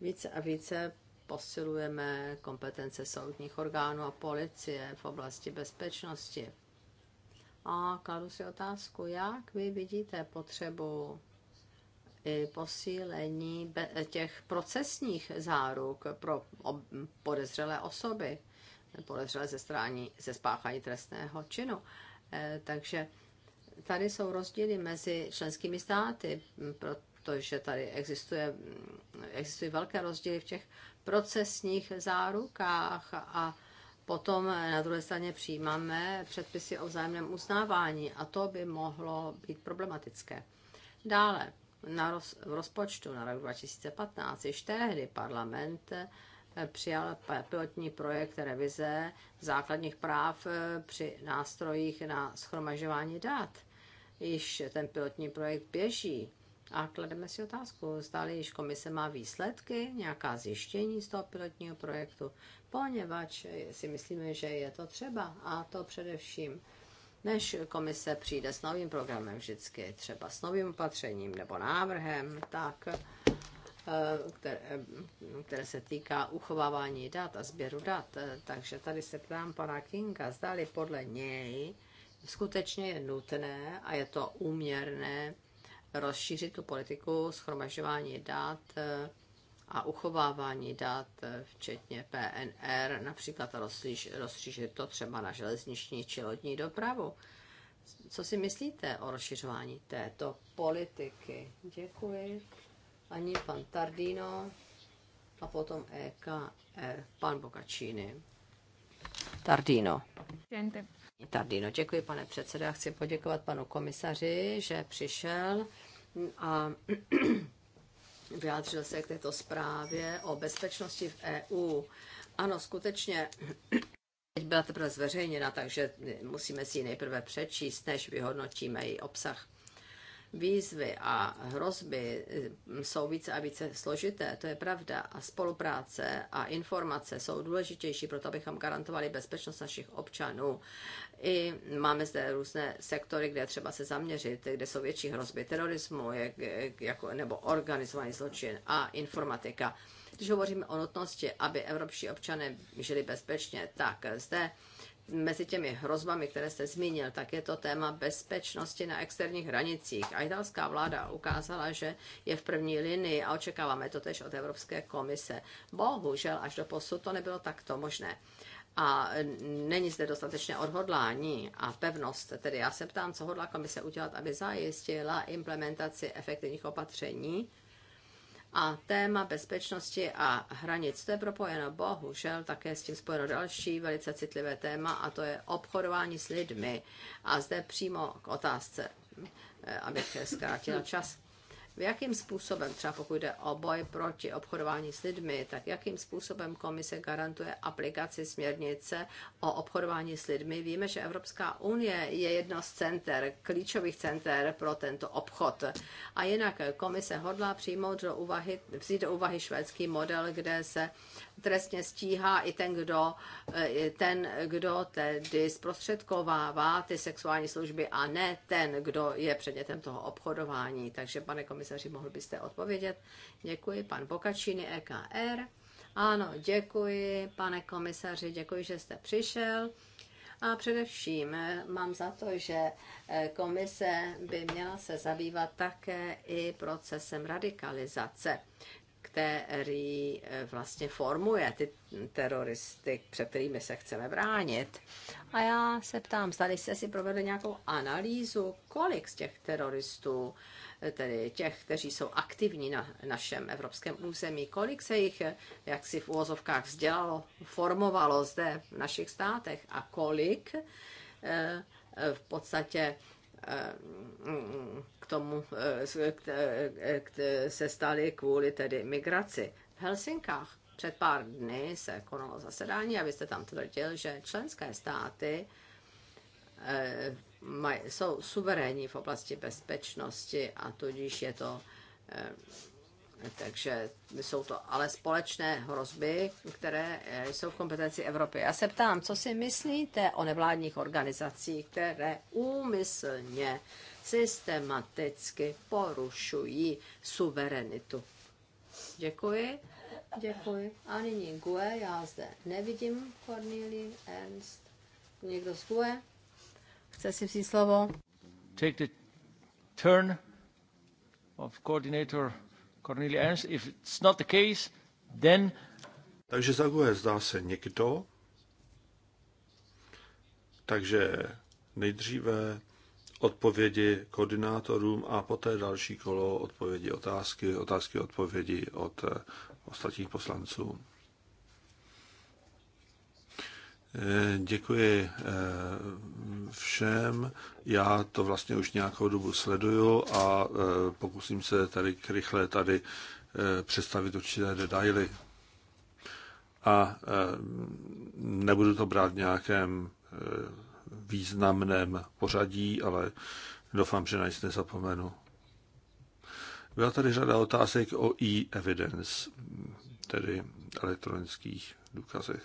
Více a více posilujeme kompetence soudních orgánů a policie v oblasti bezpečnosti. A kladu si otázku, jak vy vidíte potřebu i posílení těch procesních záruk pro podezřelé osoby, podezřelé ze, strání, ze spáchání trestného činu. Eh, takže tady jsou rozdíly mezi členskými státy, proto to, že tady existuje, existují velké rozdíly v těch procesních zárukách a potom na druhé straně přijímáme předpisy o vzájemném uznávání a to by mohlo být problematické. Dále, na roz, v rozpočtu na rok 2015 již tehdy parlament eh, přijal pilotní projekt revize základních práv eh, při nástrojích na schromažování dat. Již ten pilotní projekt běží a klademe si otázku, zdali již komise má výsledky, nějaká zjištění z toho pilotního projektu, poněvadž si myslíme, že je to třeba a to především než komise přijde s novým programem vždycky, třeba s novým opatřením nebo návrhem, tak eh, které, které se týká uchovávání dat a sběru dat. Takže tady se ptám pana Kinga, zdali podle něj skutečně je nutné a je to úměrné rozšířit tu politiku schromažování dát eh, a uchovávání dat, eh, včetně PNR, například rozšířit to třeba na železniční či lodní dopravu. Co si myslíte o rozšiřování této politiky? Děkuji. Ani pan Tardino a potom EKR, pan Bocaccini. Tardino. Gente. Tardino, děkuji pane předsedo. Já chci poděkovat panu komisaři, že přišel a vyjádřil se k této zprávě o bezpečnosti v EU. Ano, skutečně Teď byla teprve zveřejněna, takže musíme si ji nejprve přečíst, než vyhodnotíme její obsah výzvy a hrozby eh, jsou více a více složité, to je pravda, a spolupráce a informace jsou důležitější proto, abychom garantovali bezpečnost našich občanů. I máme zde různé sektory, kde třeba se zaměřit, kde jsou větší hrozby terorismu jak, jako, nebo organizovaný zločin a informatika. Když hovoříme o nutnosti, aby evropští občané žili bezpečně, tak zde mezi těmi hrozbami, které jste zmínil, tak je to téma bezpečnosti na externích hranicích. A italská vláda ukázala, že je v první linii a očekáváme to tež od Evropské komise. Bohužel až do posud to nebylo takto možné. A není zde dostatečné odhodlání a pevnost. Tedy já se ptám, co hodla komise udělat, aby zajistila implementaci efektivních opatření a téma bezpečnosti a hranic, to je propojeno bohužel také s tím spojeno další velice citlivé téma a to je obchodování s lidmi. A zde přímo k otázce, eh, abych zkrátila čas v jakým způsobem, třeba pokud jde o boj proti obchodování s lidmi, tak jakým způsobem komise garantuje aplikaci směrnice o obchodování s lidmi. Víme, že Evropská unie je jedno z center, klíčových center pro tento obchod. A jinak komise hodlá přijmout do úvahy, vzít do úvahy švédský model, kde se trestně stíhá i ten, kdo, eh, ten, kdo tedy zprostředkovává ty sexuální služby a ne ten, kdo je předmětem toho obchodování. Takže, pane komisaři, mohl byste odpovědět? Děkuji, pan Bokačíny, EKR. Ano, děkuji, pane komisaři, děkuji, že jste přišel. A především eh, mám za to, že eh, komise by měla se zabývat také i procesem radikalizace který eh, vlastně formuje ty teroristy, před kterými se chceme bránit. A já se ptám, tady jste si provedli nějakou analýzu, kolik z těch teroristů, eh, tedy těch, kteří jsou aktivní na našem evropském území, kolik se jich, eh, jak si v úvozovkách vzdělalo, formovalo zde v našich státech a kolik v podstatě k tomu eh, eh, se staly kvůli tedy migraci. V Helsinkách před pár dny se konalo zasedání a vy jste tam tvrdil, že členské státy eh, maj, jsou suverénní v oblasti bezpečnosti a tudíž je to takže jsou to ale společné hrozby, které jsou v kompetenci Evropy. Já se ptám, co si myslíte o nevládních organizacích, které úmyslně systematicky porušují suverenitu. Děkuji. Děkuji. A nyní GUE, já zde nevidím Corneli Ernst. Někdo z GUE? Chce si vzít slovo? Take the turn of coordinator Cornelia Ernst. If it's not the case, then... Takže zaguje zdá se někdo. Takže nejdříve odpovědi koordinátorům a poté další kolo odpovědi otázky, otázky odpovědi od eh, ostatních poslanců. Eh, děkuji eh, všem. Já to vlastně už nějakou dobu sleduju a eh, pokusím se tady rychle tady představit určité detaily. A nebudu to brát v nějakém významném pořadí, ale doufám, že na nic nezapomenu. Byla tady řada otázek o e-evidence, tedy elektronických důkazech.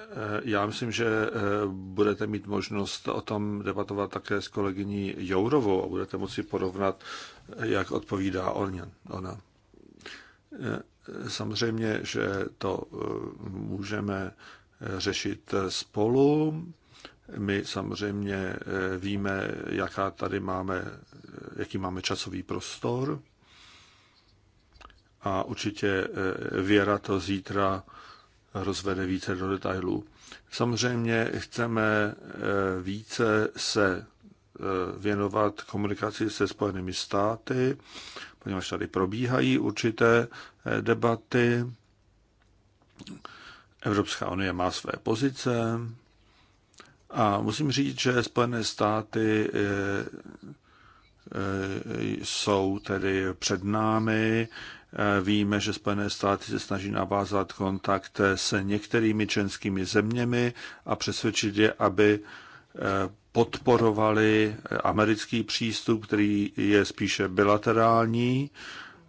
Eh, já myslím, že eh, budete mít možnost o tom debatovat také s kolegyní Jourovou a budete moci porovnat, eh, jak odpovídá ona. Samozřejmě, že to můžeme řešit spolu. My samozřejmě víme, jaká tady máme, jaký máme časový prostor. A určitě Věra to zítra rozvede více do detailů. Samozřejmě chceme eh, více se eh, věnovat komunikaci se Spojenými státy, poněvadž tady probíhají určité eh, debaty. Evropská unie má své pozice a musím říct, že Spojené státy jsou tedy před námi Eh, víme, že Spojené státy se snaží navázat kontakt eh, s některými členskými zeměmi a přesvědčit je, aby eh, podporovali americký přístup, který je spíše bilaterální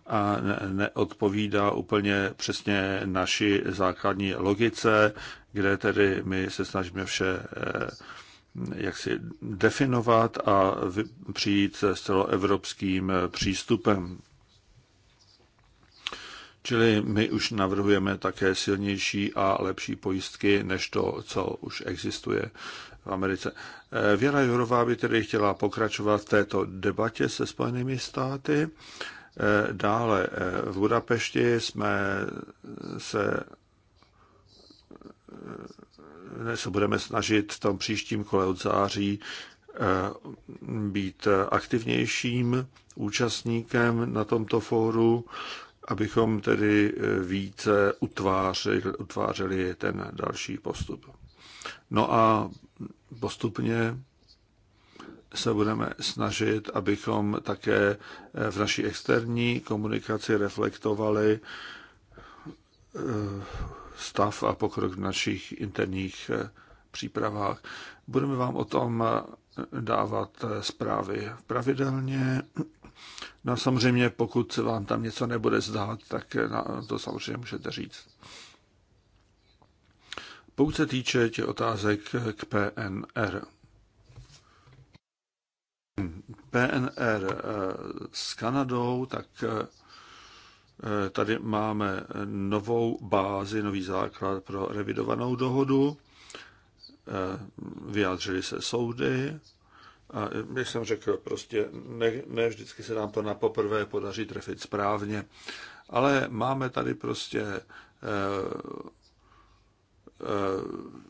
a neodpovídá úplně přesně naší základní logice, kde tedy my se snažíme vše jak si definovat a přijít s celoevropským přístupem. Čili my už navrhujeme také silnější a lepší pojistky než to, co už existuje v Americe. Eh, Věra Jurová by tedy chtěla pokračovat v této debatě se Spojenými státy. Eh, Dále eh, v Budapešti jsme se se budeme snažit v tom příštím kole od září být aktivnějším účastníkem na tomto fóru abychom tedy eh, více utvářeli, utvářeli ten další postup. No a postupně se budeme snažit, abychom také eh, v naší externí komunikaci reflektovali eh, stav a pokrok v našich interních přípravách. Budeme vám o tom dávat zprávy pravidelně No samozřejmě, pokud vám tam něco nebude zdát, tak na to samozřejmě můžete říct. Pokud se týče těch otázek k PNR. PNR eh, s Kanadou, tak eh, tady máme novou bázi, nový základ pro revidovanou dohodu. Eh, vyjádřili se soudy, a jak jsem řekl, prostě ne, ne vždycky se nám to na poprvé podaří trefit správně, ale máme tady prostě e,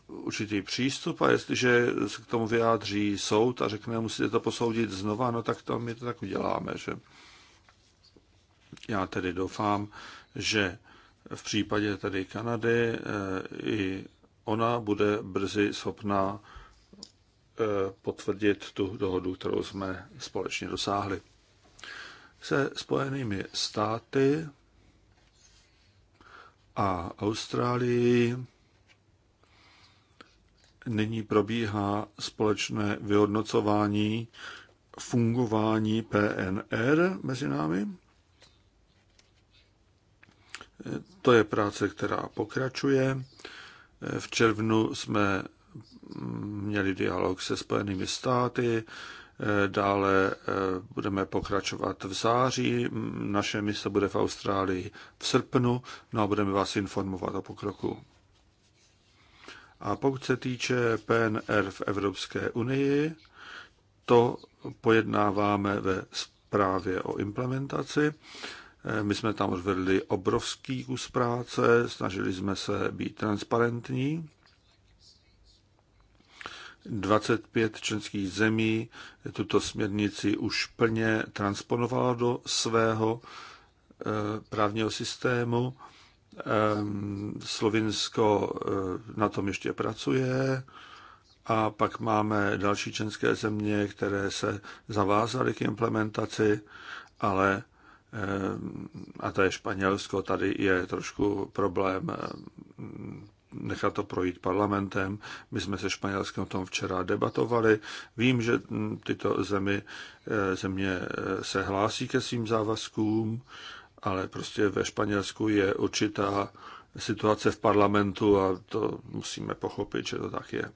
určitý přístup a jestliže se k tomu vyjádří soud a řekne, musíte to posoudit znova, no tak to my to tak uděláme, že já tedy doufám, že v případě tady Kanady eh, i ona bude brzy schopná Eh, potvrdit tu dohodu, kterou jsme společně dosáhli. Se Spojenými státy a Austrálii nyní probíhá společné vyhodnocování fungování PNR mezi námi. Eh, to je práce, která pokračuje. Eh, v červnu jsme měli dialog se Spojenými státy, eh, dále eh, budeme pokračovat v září, naše mise bude v Austrálii v srpnu, no a budeme vás informovat o pokroku. A pokud se týče PNR v Evropské unii, to pojednáváme ve zprávě o implementaci. Eh, my jsme tam odvedli obrovský kus práce, snažili jsme se být transparentní 25 členských zemí tuto směrnici už plně transponovalo do svého eh, právního systému. Ehm, Slovinsko eh, na tom ještě pracuje a pak máme další členské země, které se zavázaly k implementaci, ale ehm, a to je Španělsko, tady je trošku problém ehm, nechat to projít parlamentem. My jsme se Španělskem o tom včera debatovali. Vím, že mm, tyto zemi, eh, země eh, se hlásí ke svým závazkům, ale prostě ve Španělsku je určitá situace v parlamentu a to musíme pochopit, že to tak je.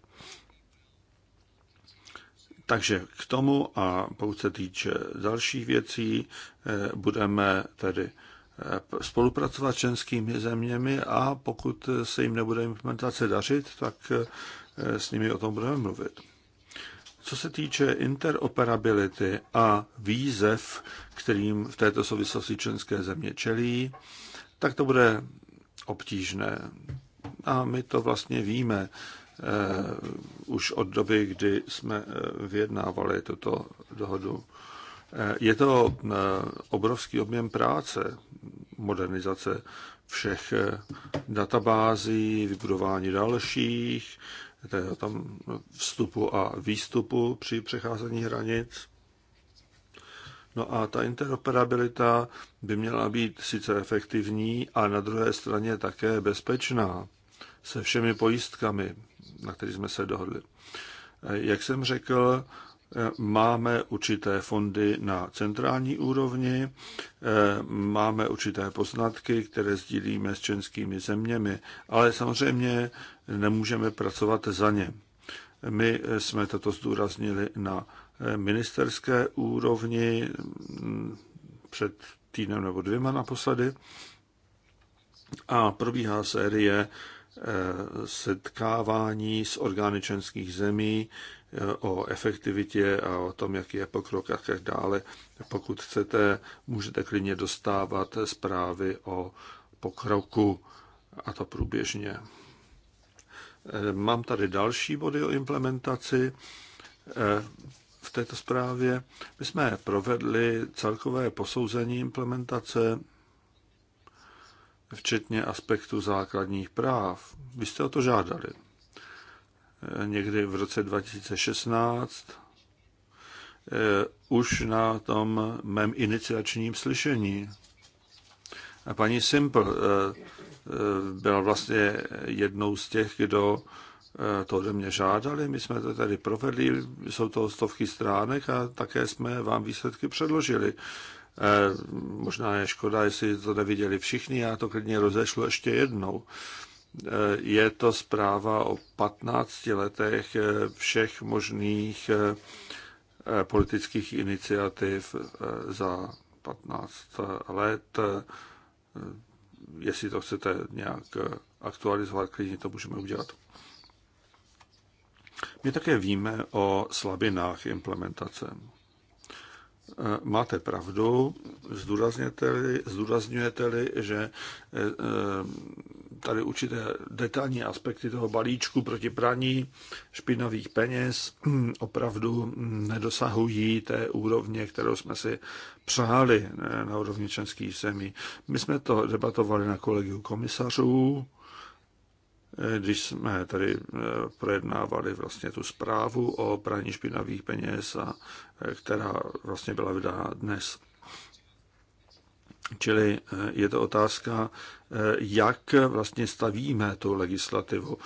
Takže k tomu a pokud se týče dalších věcí, eh, budeme tedy spolupracovat s členskými zeměmi a pokud se jim nebude implementace dařit, tak eh, s nimi o tom budeme mluvit. Co se týče interoperability a výzev, kterým v této souvislosti členské země čelí, tak to bude obtížné. A my to vlastně víme eh, už od doby, kdy jsme eh, vyjednávali tuto dohodu. Eh, je to eh, obrovský objem práce, modernizace všech eh, databází, vybudování dalších, tam vstupu a výstupu při přecházení hranic. No a ta interoperabilita by měla být sice efektivní a na druhé straně také bezpečná se všemi pojistkami, na kterých jsme se dohodli. Jak jsem řekl, máme určité fondy na centrální úrovni, eh, máme určité poznatky, které sdílíme s členskými zeměmi, ale samozřejmě nemůžeme pracovat za ně. My jsme toto zdůraznili na eh, ministerské úrovni mm, před týdnem nebo dvěma naposledy a probíhá série eh, setkávání s orgány členských zemí, o efektivitě a o tom, jaký je pokrok a tak dále. Pokud chcete, můžete klidně dostávat zprávy o pokroku a to průběžně. Mám tady další body o implementaci eh, v této zprávě. My jsme provedli celkové posouzení implementace, včetně aspektu základních práv. Vy jste o to žádali. Eh, někdy v roce 2016 eh, už na tom mém iniciačním slyšení. A paní Simple eh, byla vlastně jednou z těch, kdo to ode mě žádali. My jsme to tady provedli, jsou to stovky stránek a také jsme vám výsledky předložili. Možná je škoda, jestli to neviděli všichni, já to klidně rozešlu ještě jednou. Eh, je to zpráva o 15 letech eh, všech možných eh, politických iniciativ za 15 let. Jestli to chcete nějak aktualizovat, klidně to můžeme udělat. My také víme o slabinách implementace. Máte pravdu, zdůrazňujete-li, zdůrazňujete-li že tady určité detailní aspekty toho balíčku proti praní špinavých peněz opravdu nedosahují té úrovně, kterou jsme si přáli na úrovni členských zemí. My jsme to debatovali na kolegiu komisařů, eh, když jsme tady eh, projednávali vlastně tu zprávu o praní špinavých peněz, a, eh, která vlastně byla vydána dnes. Čili eh, je to otázka, eh, jak vlastně stavíme tu legislativu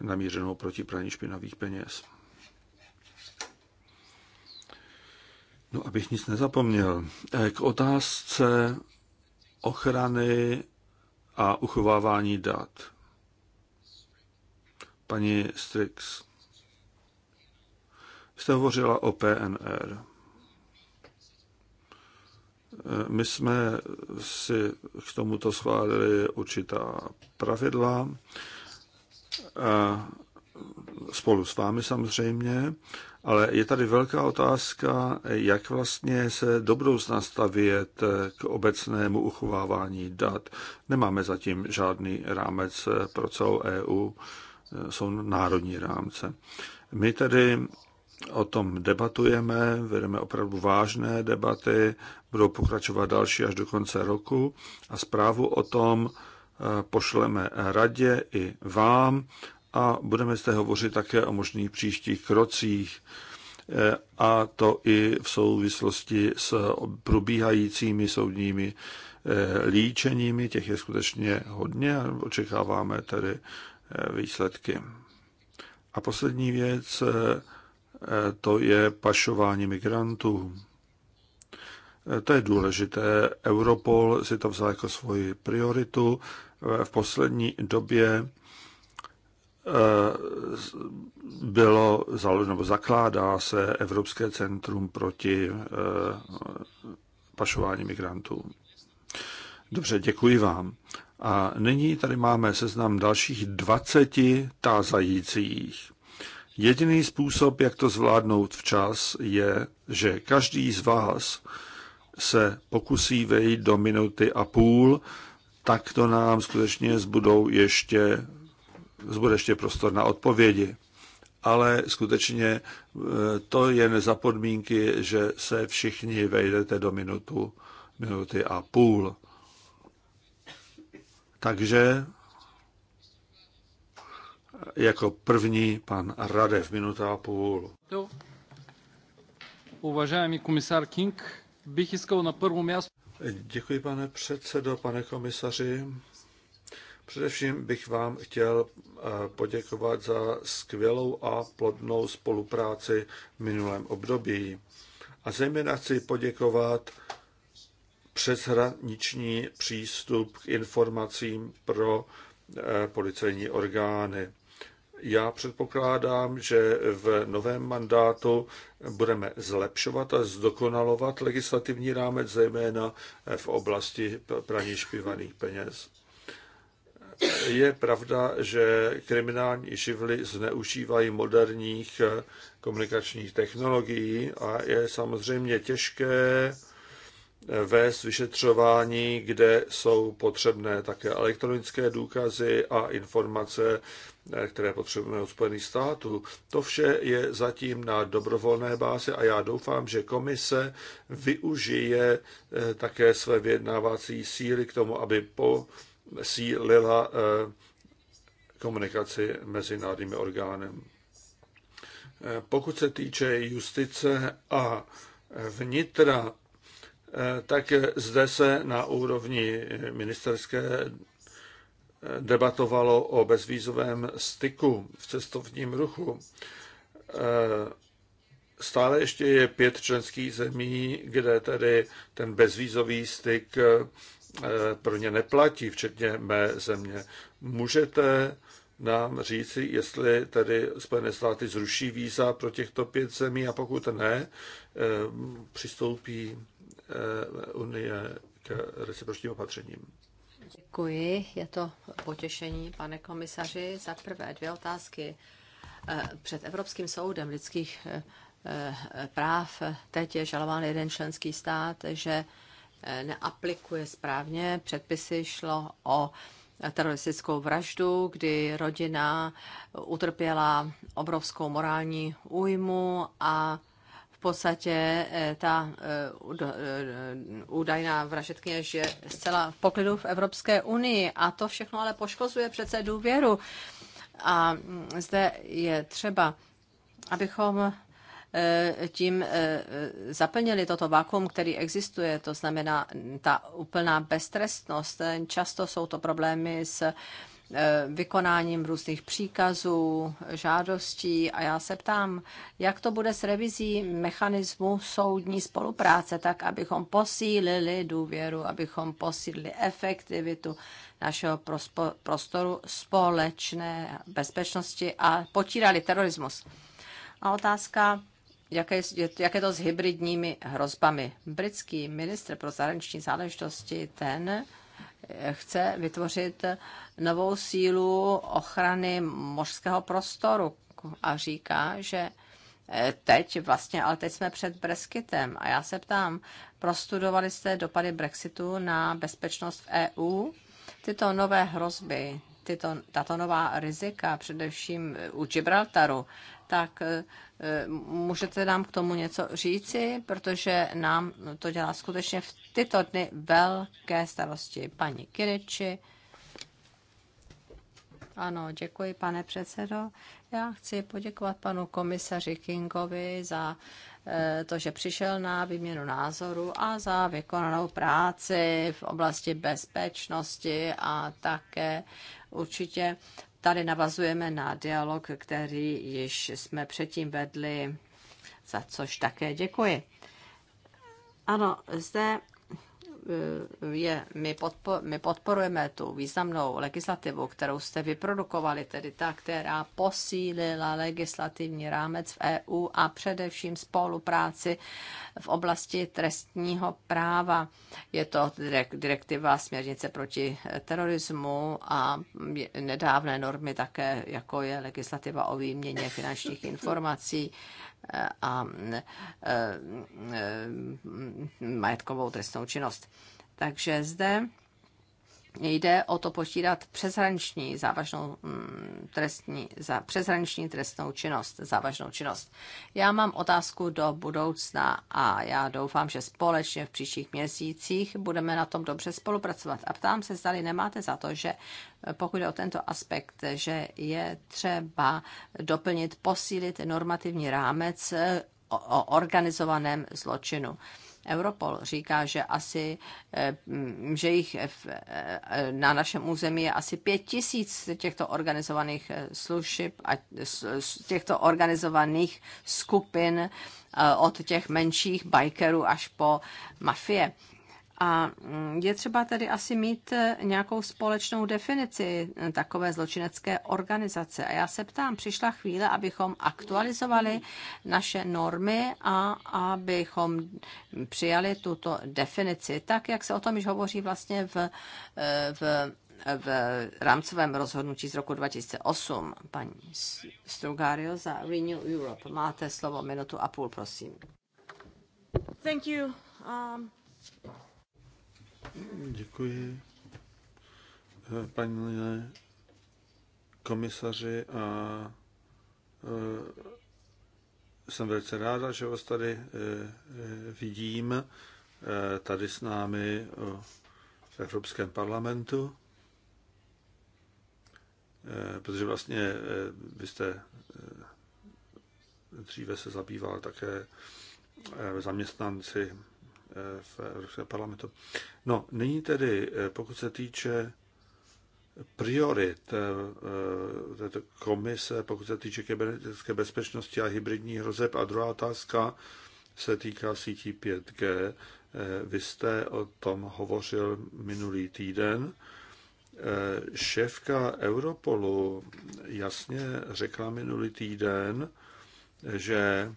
namířenou proti praní špinavých peněz. No, abych nic nezapomněl. Eh, k otázce ochrany a uchovávání dat. Paní Strix, jste hovořila o PNR. My jsme si k tomuto schválili určitá pravidla spolu s vámi samozřejmě, ale je tady velká otázka, jak vlastně se do budoucna stavět k obecnému uchovávání dat. Nemáme zatím žádný rámec pro celou EU, jsou národní rámce. My tedy o tom debatujeme, vedeme opravdu vážné debaty, budou pokračovat další až do konce roku a zprávu o tom eh, pošleme radě i vám a budeme zde hovořit také o možných příštích krocích eh, a to i v souvislosti s probíhajícími soudními eh, líčeními, těch je skutečně hodně a očekáváme tedy výsledky. A poslední věc, Eh, to je pašování migrantů. Eh, to je důležité. Europol si to vzal jako svoji prioritu. Eh, v poslední době bylo nebo zakládá se Evropské centrum proti pašování migrantů. Dobře, děkuji vám. A nyní tady máme seznam dalších 20 tázajících. Jediný způsob, jak to zvládnout včas, je, že každý z vás se pokusí vejít do minuty a půl, tak to nám skutečně zbudou ještě, zbude ještě prostor na odpovědi. Ale skutečně e, to jen za podmínky, že se všichni vejdete do minutu, minuty a půl. Takže jako první pan Radev, minuta a půl. Jo. komisár King, bych jiskal na prvou místě. Děkuji, pane předsedo, pane komisaři. Především bych vám chtěl eh, poděkovat za skvělou a plodnou spolupráci v minulém období. A zejména chci poděkovat přeshraniční přístup k informacím pro eh, policejní orgány. Já předpokládám, že v novém mandátu budeme zlepšovat a zdokonalovat legislativní rámec, zejména v oblasti praní špivaných peněz. Je pravda, že kriminální živly zneužívají moderních komunikačních technologií a je samozřejmě těžké vést vyšetřování, kde jsou potřebné také elektronické důkazy a informace Eh, které potřebujeme od Spojených států. To vše je zatím na dobrovolné bázi a já doufám, že komise využije eh, také své vyjednávací síly k tomu, aby posílila eh, komunikaci mezi národními orgány. Pokud se týče justice a vnitra, tak zde se na úrovni ministerské debatovalo o bezvízovém styku v cestovním ruchu. E, stále ještě je pět členských zemí, kde tedy ten bezvízový styk e, pro ně neplatí, včetně mé země. Můžete nám říci, jestli tedy Spojené státy zruší víza pro těchto pět zemí a pokud ne, e, přistoupí Unie k recipročním opatřením. Děkuji, je to potěšení, pane komisaři. Za prvé dvě otázky. Eh, před Evropským soudem lidských eh, eh, práv teď je žalován jeden členský stát, že neaplikuje správně předpisy, šlo o teroristickou vraždu, kdy rodina utrpěla obrovskou morální újmu a podstatě eh, ta eh, eh, údajná vražetkyně je zcela v poklidu v Evropské unii a to všechno ale poškozuje přece důvěru. A mm, zde je třeba, abychom tím zaplnili toto vakuum, který existuje, to znamená ta úplná beztrestnost. Často jsou to problémy s Eh, vykonáním různých příkazů, žádostí a já se ptám, jak to bude s revizí mechanismu soudní spolupráce, tak abychom posílili důvěru, abychom posílili efektivitu našeho prostoru společné bezpečnosti a potírali terorismus. A otázka, jaké je, jak je to s hybridními hrozbami. Britský ministr pro zahraniční záležitosti, ten chce vytvořit novou sílu ochrany mořského prostoru a říká, že eh, teď vlastně, ale teď jsme před Brexitem a já se ptám, prostudovali jste dopady Brexitu na bezpečnost v EU? Tyto nové hrozby tyto, tato nová rizika, především eh, u Gibraltaru, tak eh, můžete nám k tomu něco říci, protože nám to dělá skutečně v tyto dny velké starosti. Paní Kiriči. Ano, děkuji, pane předsedo. Já chci poděkovat panu komisaři Kingovi za Eh, to, že přišel na výměnu názoru a za vykonanou práci v oblasti bezpečnosti a také určitě tady navazujeme na dialog, který již jsme předtím vedli, za což také děkuji. Ano, zde je, my, podpo, my podporujeme tu významnou legislativu, kterou jste vyprodukovali, tedy ta, která posílila legislativní rámec v EU a především spolupráci v oblasti trestního práva. Je to direktiva směrnice proti terorismu a nedávné normy také, jako je legislativa o výměně finančních informací a e, e, majetkovou trestnou činnost. Takže zde jde o to počítat přeshraniční závažnou mm, trestní, za přeshraniční trestnou činnost, závažnou činnost. Já mám otázku do budoucna a já doufám, že společně v příštích měsících budeme na tom dobře spolupracovat. A ptám se, zdali nemáte za to, že pokud je o tento aspekt, že je třeba doplnit, posílit normativní rámec eh, o organizovaném zločinu. Europol říká, že asi, eh, že jich eh, eh, na našem území je asi pět tisíc těchto organizovaných služeb a těchto organizovaných skupin od těch menších bikerů až po mafie. A mm, je třeba tedy asi mít e, nějakou společnou definici e, takové zločinecké organizace. A já se ptám, přišla chvíle, abychom aktualizovali naše normy a abychom přijali tuto definici, tak jak se o tom již hovoří vlastně v, e, v v rámcovém rozhodnutí z roku 2008. Paní Strugario za Renew Europe. Máte slovo minutu a půl, prosím. Thank you. Um... Děkuji. Eh, paní komisaři a eh, jsem velice ráda, že vás tady eh, vidím, tady s námi v Evropském parlamentu, protože vlastně vy jste dříve se zabýval také zaměstnanci v Evropském parlamentu. No, nyní tedy, eh, pokud se týče priorit eh, eh, této komise, pokud se týče kybernetické bezpečnosti a hybridní hrozeb. A druhá otázka se týká sítí 5G. Vy jste o tom hovořil minulý týden. Šéfka Europolu jasně řekla minulý týden, že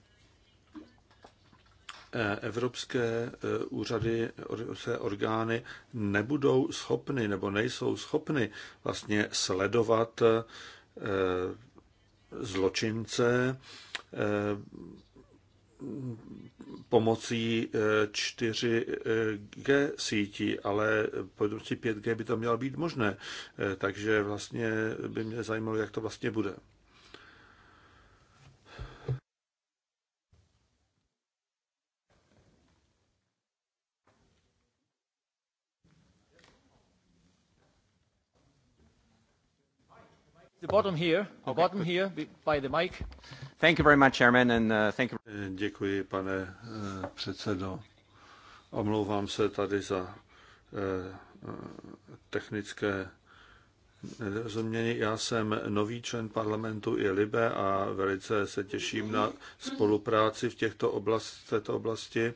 evropské eh, úřady, evropské eh, orgány nebudou schopny nebo nejsou schopny vlastně sledovat eh, zločince pomocí 4G sítí, ale pomocí 5G by to mělo být možné. Takže vlastně by mě zajímalo, jak to vlastně bude. The bottom here, the bottom here by the mic. Thank you very much, Chairman, and uh, thank you. Eh, děkuji, pane uh, předsedo. Omlouvám se tady za uh, technické nedorozumění. Já jsem nový člen parlamentu i Libe a velice se těším na spolupráci v těchto oblast, v této oblasti.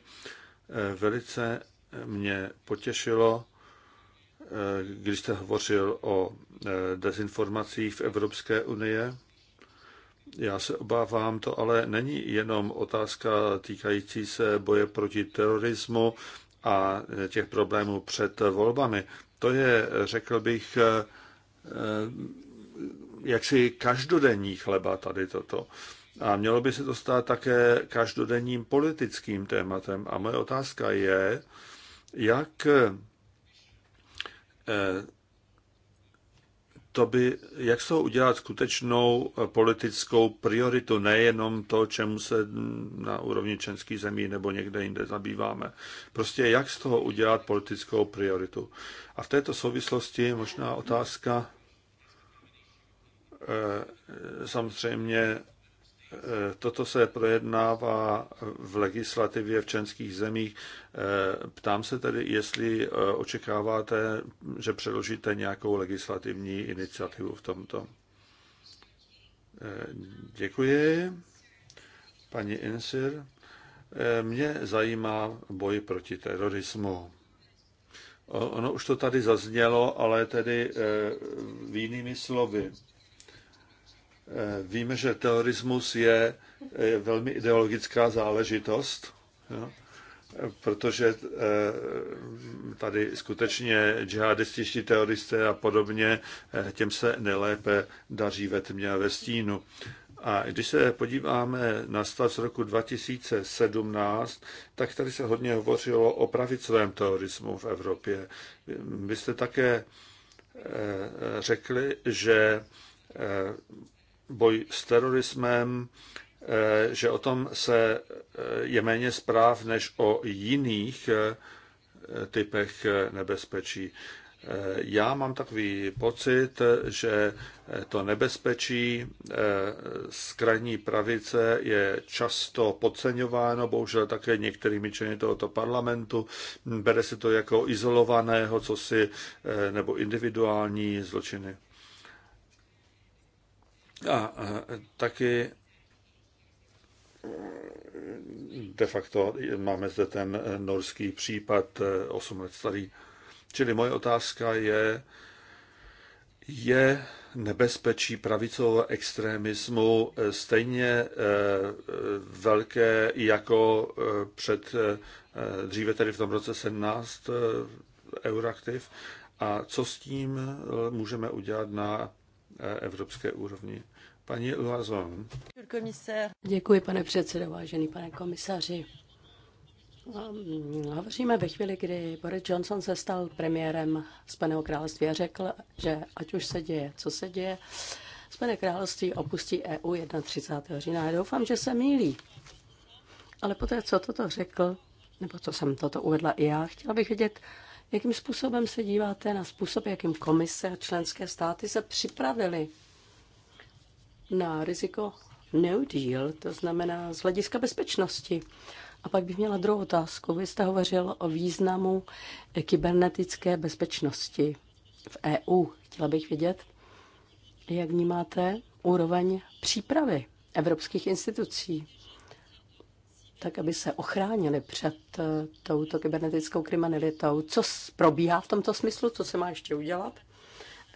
Velice mě potěšilo, když jste hovořil o eh, dezinformacích v Evropské unii. Já se obávám, to ale není jenom otázka týkající se boje proti terorismu a těch problémů před volbami. To je, řekl bych, eh, eh, jaksi každodenní chleba tady toto. A mělo by se to stát také každodenním politickým tématem. A moje otázka je, jak Eh, to by, jak jsou udělat skutečnou eh, politickou prioritu, nejenom to, čemu se na úrovni členských zemí nebo někde jinde zabýváme. Prostě jak z toho udělat politickou prioritu. A v této souvislosti možná otázka eh, samozřejmě E, toto se projednává v legislativě v členských zemích. E, ptám se tedy, jestli e, očekáváte, že předložíte nějakou legislativní iniciativu v tomto. Děkuji. Paní Insir, mě zajímá boj proti terorismu. Ono už to tady zaznělo, ale tedy v jinými slovy. Eh, víme, že terorismus je velmi ideologická záležitost, jo? protože eh, tady skutečně džihadističtí teroristé a podobně, eh, těm se nelépe daří ve tmě a ve stínu. A když se podíváme na stav z roku 2017, tak tady se hodně hovořilo o pravicovém terorismu v Evropě. Vy jste také řekli, že boj s terorismem, eh, že o tom se eh, je méně zpráv než o jiných eh, typech nebezpečí. Já mám takový pocit, že to nebezpečí z krajní pravice je často podceňováno, bohužel také některými členy tohoto parlamentu. Bere se to jako izolovaného, co si, nebo individuální zločiny. A taky de facto máme zde ten norský případ 8 eh, let starý. Čili moje otázka je, je nebezpečí pravicového extremismu eh, stejně eh, velké jako před dříve tedy v tom roce 17 euraktiv a co s tím můžeme udělat na Eh, evropské úrovni. Paní Loazon. Děkuji, pane předsedo, vážený pane komisaři. Ehm, hovoříme ve chvíli, kdy Boris Johnson se stal premiérem Spojeného království a řekl, že ať už se děje, co se děje, Spojené království opustí EU 31. října. Já doufám, že se mílí. Ale poté, co toto řekl, nebo co jsem toto uvedla i já, chtěla bych vědět, Jakým způsobem se díváte na způsob, jakým komise a členské státy se připravili na riziko no deal, to znamená z hlediska bezpečnosti? A pak bych měla druhou otázku. Vy jste hovořil o významu kybernetické bezpečnosti v EU. Chtěla bych vědět, jak vnímáte úroveň přípravy evropských institucí tak aby se ochránili před eh, touto kybernetickou kriminalitou. Co probíhá v tomto smyslu, co se má ještě udělat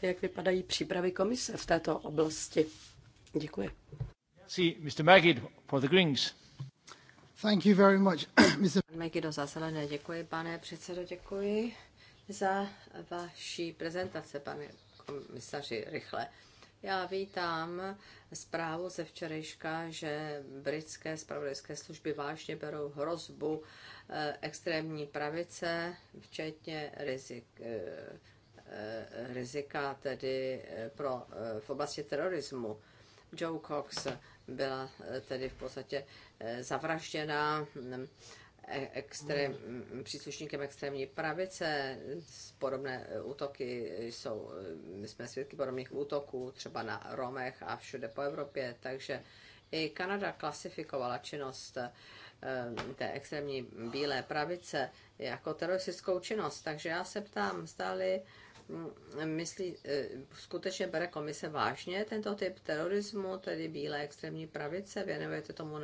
a jak vypadají přípravy komise v této oblasti? Děkuji. Sí, Mr. Magid, for the Greens. Thank you very much, Mr. Megido, za zelené děkuji, pane předsedo, děkuji za vaší prezentace, pane komisaři, rychle. Já vítám zprávu ze včerejška, že britské spravodajské služby vážně berou hrozbu eh, extrémní pravice, včetně rizik, eh, eh, rizika tedy pro, v oblasti terorismu. Joe Cox byla tedy v podstatě zavražděna. Mm, extrém, příslušníkem extrémní pravice. Podobné eh, útoky jsou, eh, my jsme svědky podobných útoků třeba na Romech a všude po Evropě, takže i Kanada klasifikovala činnost eh, té extrémní bílé pravice jako teroristickou činnost. Takže já se ptám, zdali Mm, myslí, e, skutečně bere komise vážně tento typ terorismu, tedy bílé extrémní pravice, věnujete tomu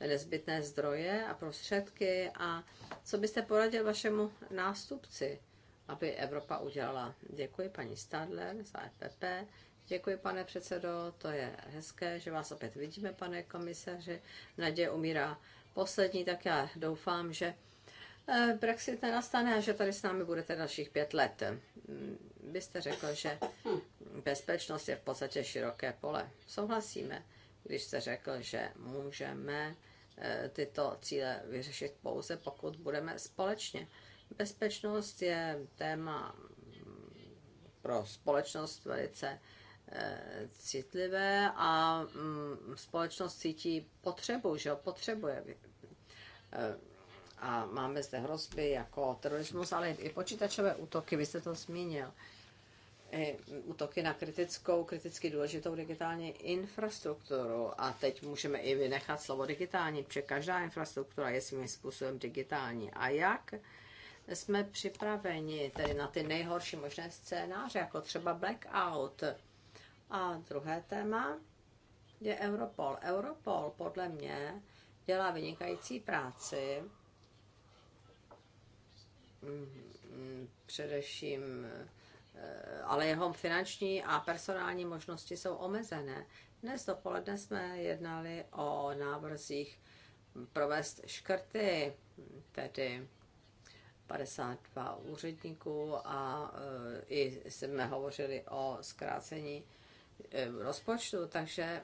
nezbytné zdroje a prostředky a co byste poradil vašemu nástupci, aby Evropa udělala? Děkuji paní Stadler za FPP, e děkuji pane předsedo, to je hezké, že vás opět vidíme, pane komisaře, naděje umírá poslední, tak já doufám, že Eh, Brexit nenastane a že tady s námi budete dalších pět let. Vy mm, jste řekl, že bezpečnost je v podstatě široké pole. Souhlasíme, když jste řekl, že můžeme eh, tyto cíle vyřešit pouze, pokud budeme společně. Bezpečnost je téma mm, pro společnost velice eh, citlivé a mm, společnost cítí potřebu, že potřebuje a máme zde hrozby jako terorismus, ale i počítačové útoky, vy jste to zmínil, i útoky na kritickou, kriticky důležitou digitální infrastrukturu. A teď můžeme i vynechat slovo digitální, protože každá infrastruktura je svým způsobem digitální. A jak jsme připraveni tedy na ty nejhorší možné scénáře, jako třeba blackout. A druhé téma je Europol. Europol podle mě dělá vynikající práci především, eh, ale jeho finanční a personální možnosti jsou omezené. Dnes dopoledne jsme jednali o návrzích provést škrty, tedy 52 úředníků a eh, i jsme hovořili o zkrácení eh, rozpočtu, takže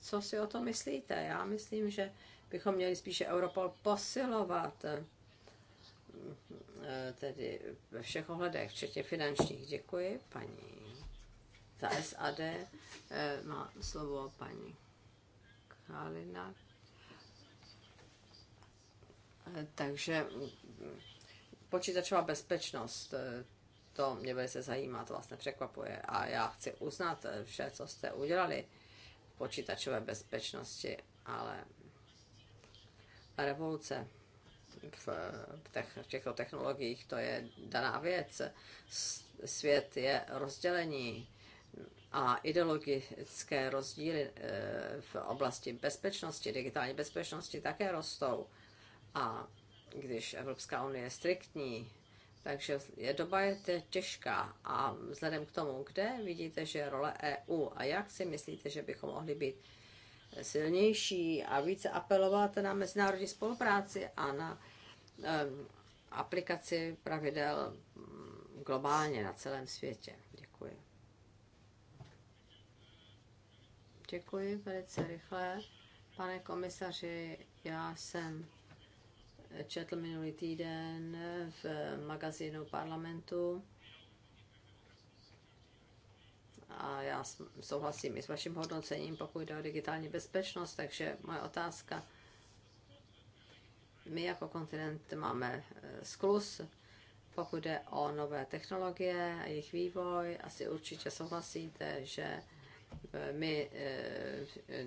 co si o to myslíte? Já myslím, že bychom měli spíše Europol posilovat E, tedy ve všech ohledech, včetně finančních. Děkuji, paní. Za SAD e, má slovo paní Kalina. E, takže počítačová bezpečnost, to mě velice zajímá, to vás nepřekvapuje. A já chci uznat vše, co jste udělali v počítačové bezpečnosti, ale revoluce v, tech, v těchto technologiích, to je daná věc. Svět je rozdělení a ideologické rozdíly eh, v oblasti bezpečnosti, digitální bezpečnosti také rostou. A když Evropská unie je striktní, takže je doba je těžká a vzhledem k tomu, kde vidíte, že je role EU a jak si myslíte, že bychom mohli být silnější a více apelovat na mezinárodní spolupráci a na Ehm, aplikaci pravidel mm, globálně na celém světě. Děkuji. Děkuji velice rychle. Pane komisaři, já jsem četl minulý týden v magazínu parlamentu a já souhlasím i s vaším hodnocením, pokud jde o digitální bezpečnost, takže moje otázka my jako kontinent máme eh, sklus, pokud jde o nové technologie a jejich vývoj. Asi určitě souhlasíte, že eh, my eh,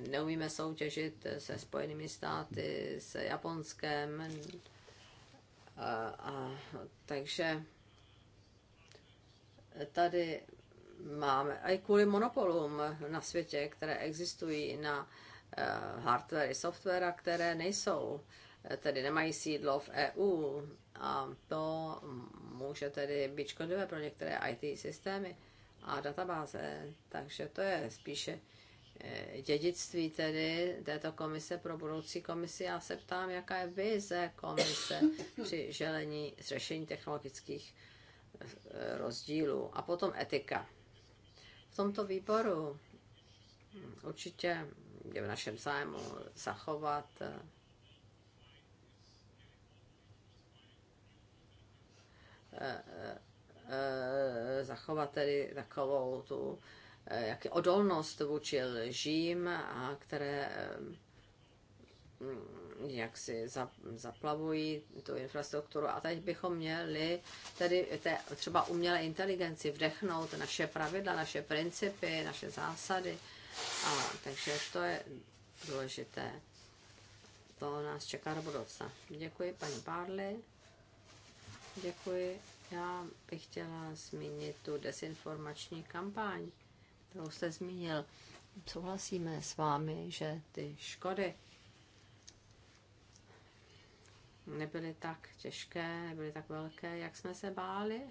neumíme soutěžit se Spojenými státy, se Japonskem. A, a, takže tady máme, i kvůli monopolům na světě, které existují na hardware i software, které nejsou tedy nemají sídlo v EU a to může tedy být škodlivé pro některé IT systémy a databáze. Takže to je spíše eh, dědictví tedy této komise pro budoucí komisi. Já se ptám, jaká je vize komise při želení řešení technologických eh, rozdílů. A potom etika. V tomto výboru hm, určitě je v našem zájmu zachovat eh, Eh, zachovat tedy takovou tu eh, jak odolnost vůči lžím, a které eh, jak si zaplavují tu infrastrukturu. A teď bychom měli tedy té, třeba umělé inteligenci vdechnout naše pravidla, naše principy, naše zásady. A, takže to je důležité. To nás čeká do budoucna. Děkuji paní Pádli. Děkuji. Já bych chtěla zmínit tu desinformační kampaň, kterou jste zmínil. Souhlasíme s vámi, že ty škody nebyly tak těžké, nebyly tak velké, jak jsme se báli.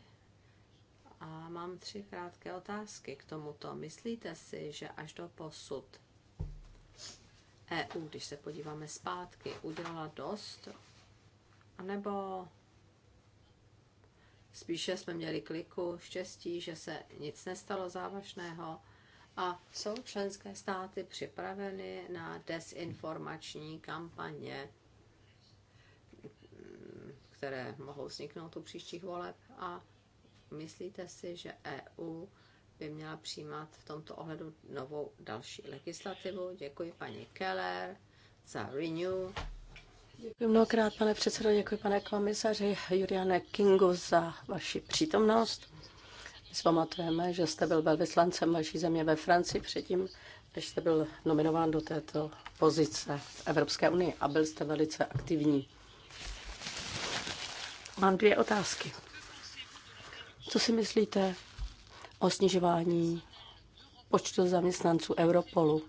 A mám tři krátké otázky k tomuto. Myslíte si, že až do posud EU, když se podíváme zpátky, udělala dost? A nebo Spíše jsme měli kliku, štěstí, že se nic nestalo závažného a jsou členské státy připraveny na desinformační kampaně, které mohou vzniknout u příštích voleb a myslíte si, že EU by měla přijímat v tomto ohledu novou další legislativu? Děkuji paní Keller za Renew. Děkuji mnohokrát, pane předsedo, děkuji pane komisaři Juriane Kingu za vaši přítomnost. My si pamatujeme, že jste byl velvyslancem vaší země ve Francii předtím, než jste byl nominován do této pozice v Evropské unii a byl jste velice aktivní. Mám dvě otázky. Co si myslíte o snižování počtu zaměstnanců Europolu?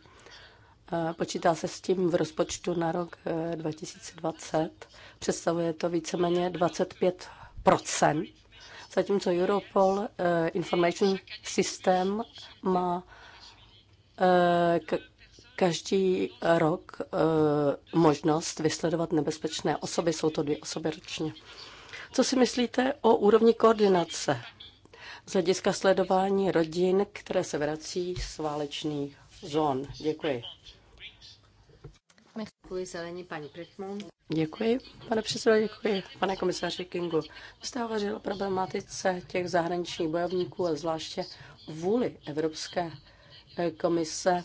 Počítá se s tím v rozpočtu na rok 2020. Eh, Představuje to víceméně 25 zatímco Europol eh, Information System má eh, každý rok možnost vysledovat nebezpečné osoby. Jsou to dvě osoby ročně. Co si myslíte o úrovni koordinace z hlediska sledování rodin, které se vrací z válečných zón? Děkuji. Děkuji zelení paní Děkuji, pane předsedo, děkuji, pane komisaři Kingu. Jste hovořil o problematice těch zahraničních bojovníků a zvláště vůli Evropské eh, komise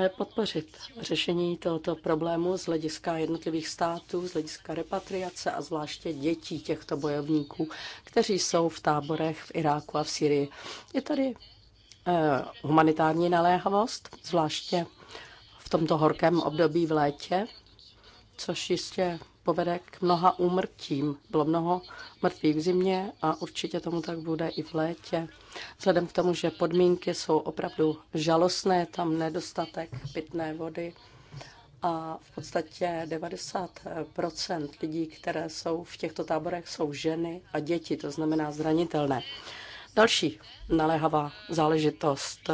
eh, podpořit řešení tohoto problému z hlediska jednotlivých států, z hlediska repatriace a zvláště dětí těchto bojovníků, kteří jsou v táborech v Iráku a v Syrii. Je tady eh, humanitární naléhavost, zvláště v tomto horkém období v létě, což jistě povede k mnoha úmrtím. Bylo mnoho mrtvých v zimě a určitě tomu tak bude i v létě. Vzhledem k tomu, že podmínky jsou opravdu žalostné, tam nedostatek pitné vody a v podstatě 90 lidí, které jsou v těchto táborech, jsou ženy a děti, to znamená zranitelné. Další naléhavá záležitost,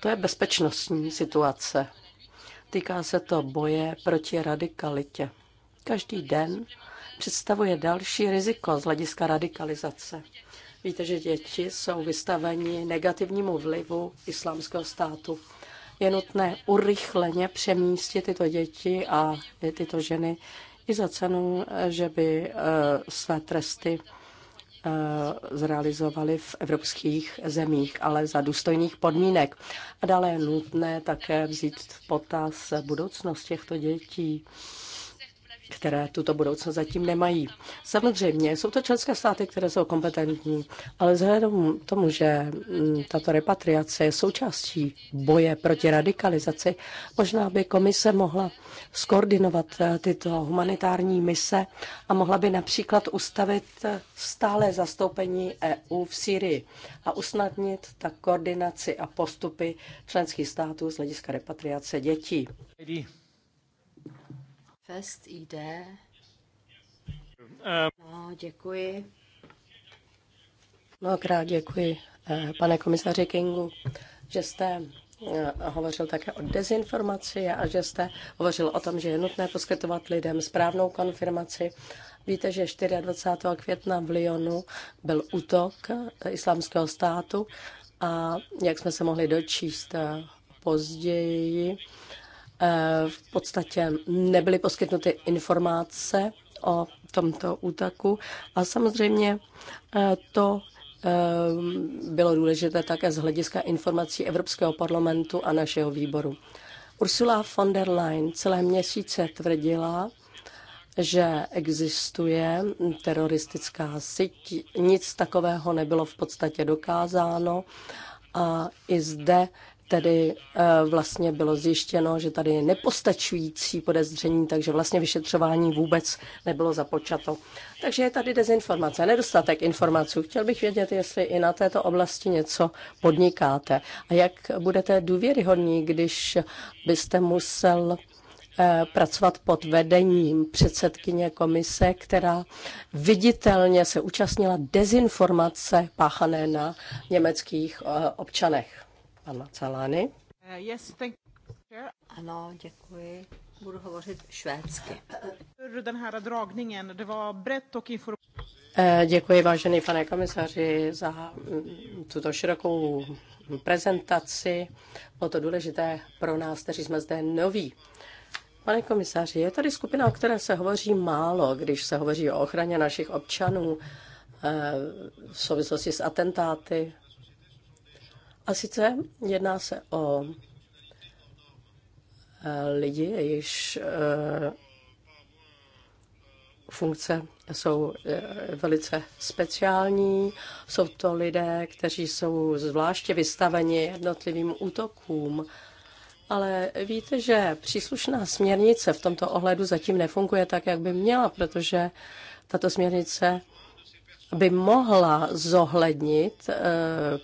to je bezpečnostní situace Týká se to boje proti radikalitě. Každý den představuje další riziko z hlediska radikalizace. Víte, že děti jsou vystaveni negativnímu vlivu islámského státu. Je nutné urychleně přemístit tyto děti a tyto ženy i za cenu, že by eh, své tresty Eh, zrealizovali v evropských zemích, ale za důstojných podmínek. A dále je nutné také vzít v potaz budoucnost těchto dětí které tuto budoucnost zatím nemají. Samozřejmě jsou to členské státy, které jsou kompetentní, ale vzhledem k tomu, že mm, tato repatriace je součástí boje proti radikalizaci, možná by komise mohla skoordinovat eh, tyto humanitární mise a mohla by například ustavit eh, stále zastoupení EU v Syrii a usnadnit tak koordinaci a postupy členských států z hlediska repatriace dětí. Fest ID. Eh, no, děkuji. Mnohokrát děkuji, eh, pane komisaři Kingu, že jste eh, hovořil také o dezinformaci a že jste hovořil o tom, že je nutné poskytovat lidem správnou konfirmaci. Víte, že 24. května v Lyonu byl útok islámského státu a jak jsme se mohli dočíst později, Eh, v podstatě nebyly poskytnuty informace o tomto útaku a samozřejmě eh, to eh, bylo důležité také z hlediska informací Evropského parlamentu a našeho výboru. Ursula von der Leyen celé měsíce tvrdila, že existuje teroristická síť. Nic takového nebylo v podstatě dokázáno a i zde tedy eh, vlastně bylo zjištěno, že tady je nepostačující podezření, takže vlastně vyšetřování vůbec nebylo započato. Takže je tady dezinformace, nedostatek informací. Chtěl bych vědět, jestli i na této oblasti něco podnikáte a jak budete důvěryhodní, když byste musel eh, pracovat pod vedením předsedkyně komise, která viditelně se účastnila dezinformace páchané na německých eh, občanech. Anna Calány. Uh, yes, thank you. Ano, děkuji. Budu hovořit švédsky. Den eh, Děkuji, vážený pane komisaři, za mm, tuto širokou prezentaci. Bylo to důležité pro nás, kteří jsme zde noví. Pane komisaři, je tady skupina, o které se hovoří málo, když se hovoří o ochraně našich občanů eh, v souvislosti s atentáty, a sice jedná se o eh, lidi, jejichž eh, funkce jsou eh, velice speciální. Jsou to lidé, kteří jsou zvláště vystaveni jednotlivým útokům. Ale víte, že příslušná směrnice v tomto ohledu zatím nefunguje tak, jak by měla, protože tato směrnice by mohla zohlednit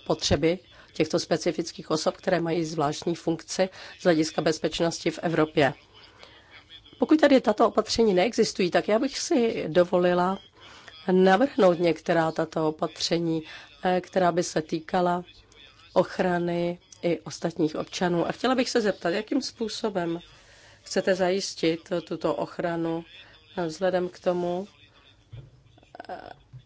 potřeby těchto specifických osob, které mají zvláštní funkci z hlediska bezpečnosti v Evropě. Pokud tady tato opatření neexistují, tak já bych si dovolila navrhnout některá tato opatření, eh, která by se týkala ochrany i ostatních občanů. A chtěla bych se zeptat, jakým způsobem chcete zajistit tuto ochranu eh, vzhledem k tomu, eh,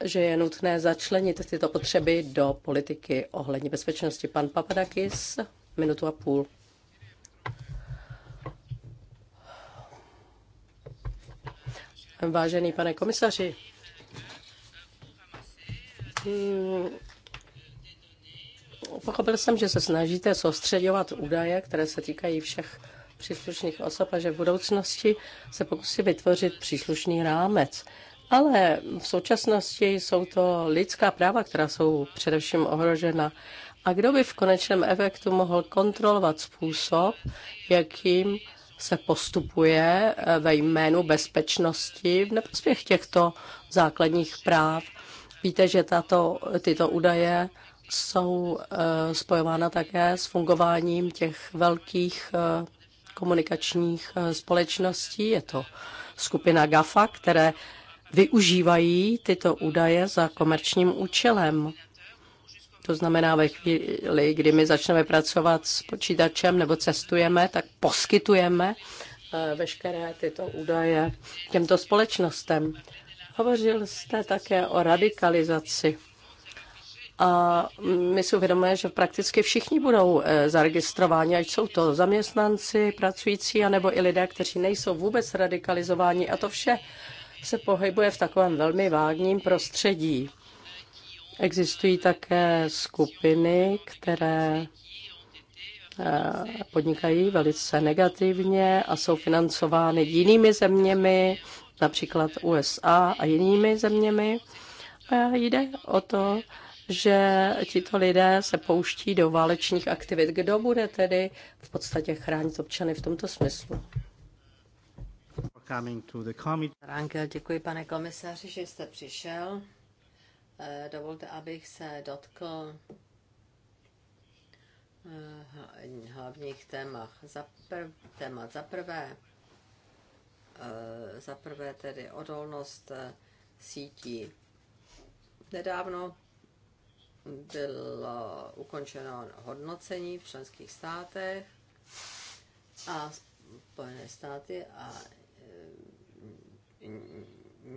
že je nutné začlenit tyto potřeby do politiky ohledně bezpečnosti. Pan Papadakis, minutu a půl. Vážený pane komisaři, hm, pochopil jsem, že se snažíte soustředovat údaje, které se týkají všech příslušných osob a že v budoucnosti se pokusí vytvořit příslušný rámec ale v současnosti jsou to lidská práva, která jsou především ohrožena. A kdo by v konečném efektu mohl kontrolovat způsob, jakým se postupuje eh, ve jménu bezpečnosti v neprospěch těchto základních práv? Víte, že tato, tyto údaje jsou eh, spojována také s fungováním těch velkých eh, komunikačních společností. Je to skupina GAFA, které využívají tyto údaje za komerčním účelem. To znamená, ve chvíli, kdy my začneme pracovat s počítačem nebo cestujeme, tak poskytujeme eh, veškeré tyto údaje těmto společnostem. Hovořil jste také o radikalizaci. A my si uvědomujeme, že prakticky všichni budou eh, zaregistrováni, ať jsou to zaměstnanci, pracující, anebo i lidé, kteří nejsou vůbec radikalizováni. A to vše se pohybuje v takovém velmi vágním prostředí. Existují také skupiny, které eh, podnikají velice negativně a jsou financovány jinými zeměmi, například USA a jinými zeměmi. A jde o to, že tito lidé se pouští do válečných aktivit. Kdo bude tedy v podstatě chránit občany v tomto smyslu? Rangel, děkuji pane komisaři, že jste přišel. Eh, dovolte, abych se dotkl eh, hlavních témat. Za, prv, témat. za prvé, eh, za prvé tedy odolnost sítí. Nedávno bylo ukončeno hodnocení v členských státech a Spojené státy a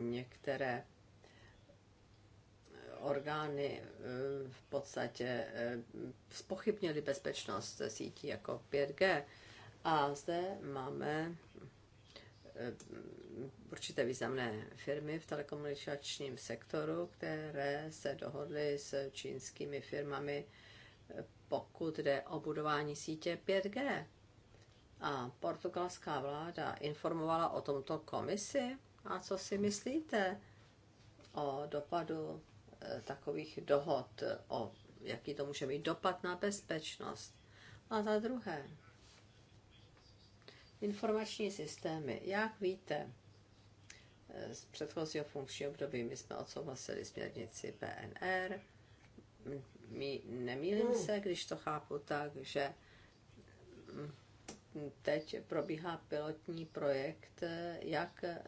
některé orgány eh, v podstatě eh, spochybnily bezpečnost sítí jako 5G. A zde máme eh, určité významné firmy v telekomunikačním sektoru, které se dohodly s čínskými firmami, pokud jde o budování sítě 5G. A portugalská vláda informovala o tomto komisi a co si myslíte o dopadu eh, takových dohod, o jaký to může mít dopad na bezpečnost? A za druhé, informační systémy. Jak víte, eh, z předchozího funkčního období my jsme odsouhlasili směrnici PNR. Mí, nemýlím hmm. se, když to chápu tak, že mm, teď probíhá pilotní projekt, eh, jak eh,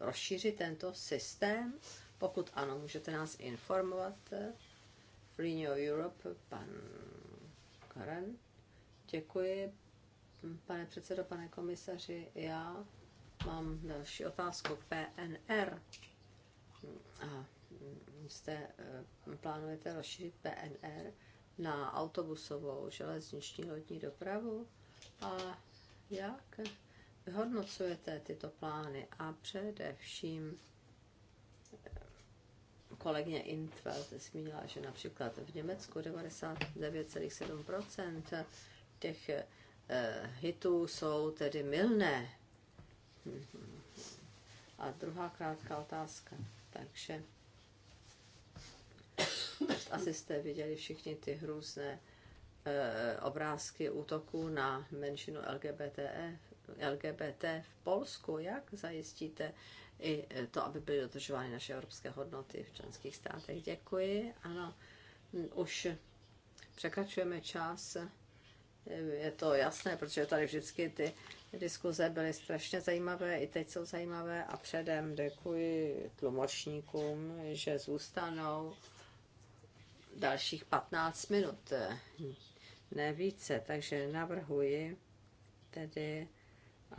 rozšířit tento systém. Pokud ano, můžete nás informovat. Renew Europe, pan Karen. Děkuji, pane předsedo, pane komisaři. Já mám další otázku k PNR. A jste, eh, plánujete rozšířit PNR na autobusovou, železniční, lodní dopravu? A jak vyhodnocujete tyto plány a především eh, kolegyně Intveld zmínila, že například v Německu 99,7% těch eh, hitů jsou tedy milné. A druhá krátká otázka. Takže asi jste viděli všichni ty hrůzné Eh, obrázky útoků na menšinu LGBT e, LGBT v Polsku. Jak zajistíte i to, aby byly dodržovány naše evropské hodnoty v členských státech? Děkuji. Ano, už překračujeme čas. Je to jasné, protože tady vždycky ty diskuze byly strašně zajímavé, i teď jsou zajímavé a předem děkuji tlumočníkům, že zůstanou dalších 15 minut ne více. Takže navrhuji tedy,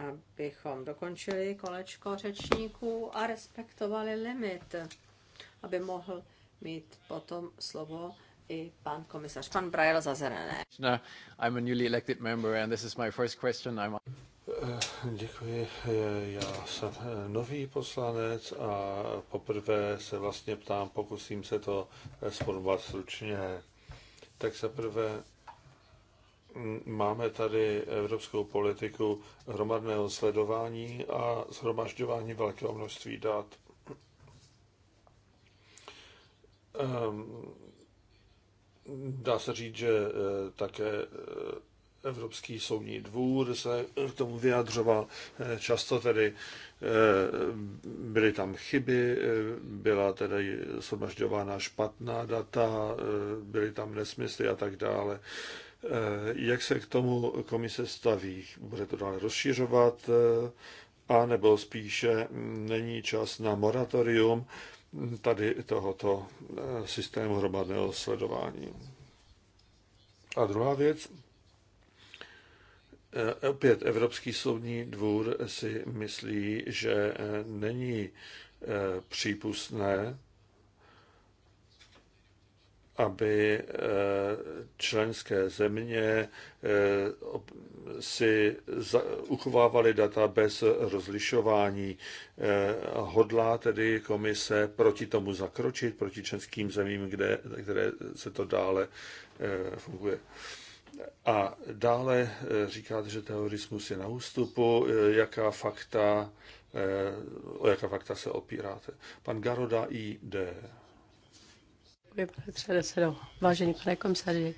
abychom dokončili kolečko řečníků a respektovali limit, aby mohl mít potom slovo i pan komisař, pan Brajel za zelené. No, I'm a newly elected member and this is my first question. I'm... Eh, děkuji. Já jsem eh, nový poslanec a poprvé se vlastně ptám, pokusím se to eh, sformovat stručně. Tak se prvé máme tady evropskou politiku hromadného sledování a zhromažďování velkého množství dat. Ehm, dá se říct, že e, také e, Evropský soudní dvůr se k tomu vyjadřoval. E, často tedy byly tam chyby, byla tedy shromažďována špatná data, byly tam nesmysly a tak dále. Eh, jak se k tomu komise staví? Bude to dále rozšiřovat? Eh, A nebo spíše není čas na moratorium tady tohoto eh, systému hromadného sledování? A druhá věc, Opět Evropský soudní dvůr si myslí, že není přípustné, aby eh, členské země eh, si uchovávaly data bez rozlišování. Eh, hodlá tedy komise proti tomu zakročit, proti členským zemím, kde, které se to dále funguje. A dále říkáte, že terorismus je na ústupu, jaká fakta, o jaká fakta se opíráte. Pan Garoda ID. Děkuji, pane předsedo. Vážený pane komisaři,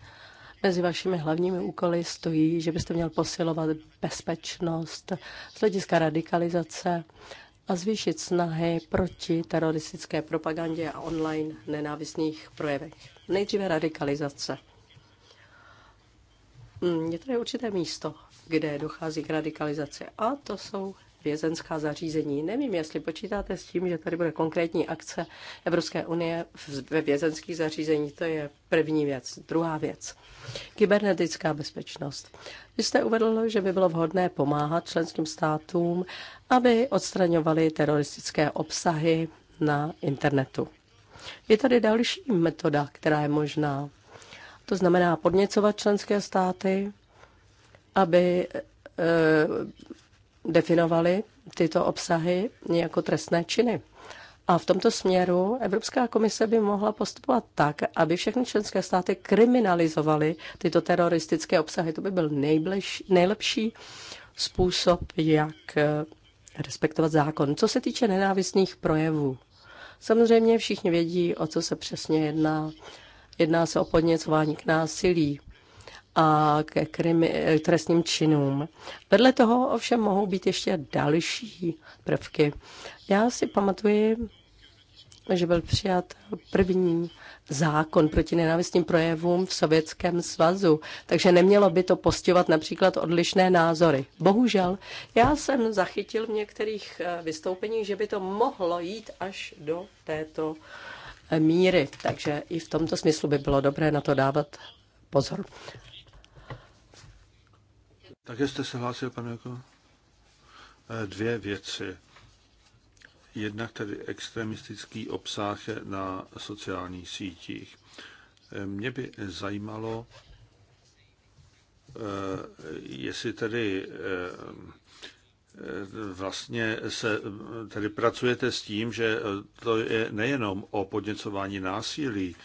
mezi vašimi hlavními úkoly stojí, že byste měl posilovat bezpečnost z hlediska radikalizace a zvýšit snahy proti teroristické propagandě a online nenávistných projevech. Nejdříve radikalizace. Hm, je tady určité místo, kde dochází k radikalizaci a to jsou vězenská zařízení. Nevím, jestli počítáte s tím, že tady bude konkrétní akce Evropské unie ve vězenských zařízení. To je první věc. Druhá věc. Kybernetická bezpečnost. Vy jste uvedl, že by bylo vhodné pomáhat členským státům, aby odstraňovali teroristické obsahy na internetu. Je tady další metoda, která je možná. To znamená podněcovat členské státy, aby eh, definovali tyto obsahy jako trestné činy. A v tomto směru Evropská komise by mohla postupovat tak, aby všechny členské státy kriminalizovaly tyto teroristické obsahy. To by byl nejbliž, nejlepší způsob, jak eh, respektovat zákon. Co se týče nenávistných projevů, samozřejmě všichni vědí, o co se přesně jedná. Jedná se o podněcování k násilí a ke krimi, eh, trestním činům. Vedle toho ovšem mohou být ještě další prvky. Já si pamatuji, že byl přijat první zákon proti nenávistným projevům v Sovětském svazu, takže nemělo by to postěvat například odlišné názory. Bohužel, já jsem zachytil v některých eh, vystoupeních, že by to mohlo jít až do této eh, míry, takže i v tomto smyslu by bylo dobré na to dávat pozor. Také jste se hlásil, pane Jako? Eh, dvě věci. Jednak tedy extremistický obsah na sociálních sítích. Eh, mě by zajímalo, eh, jestli tedy vlastně se tedy pracujete s tím, že to je nejenom o podněcování násilí,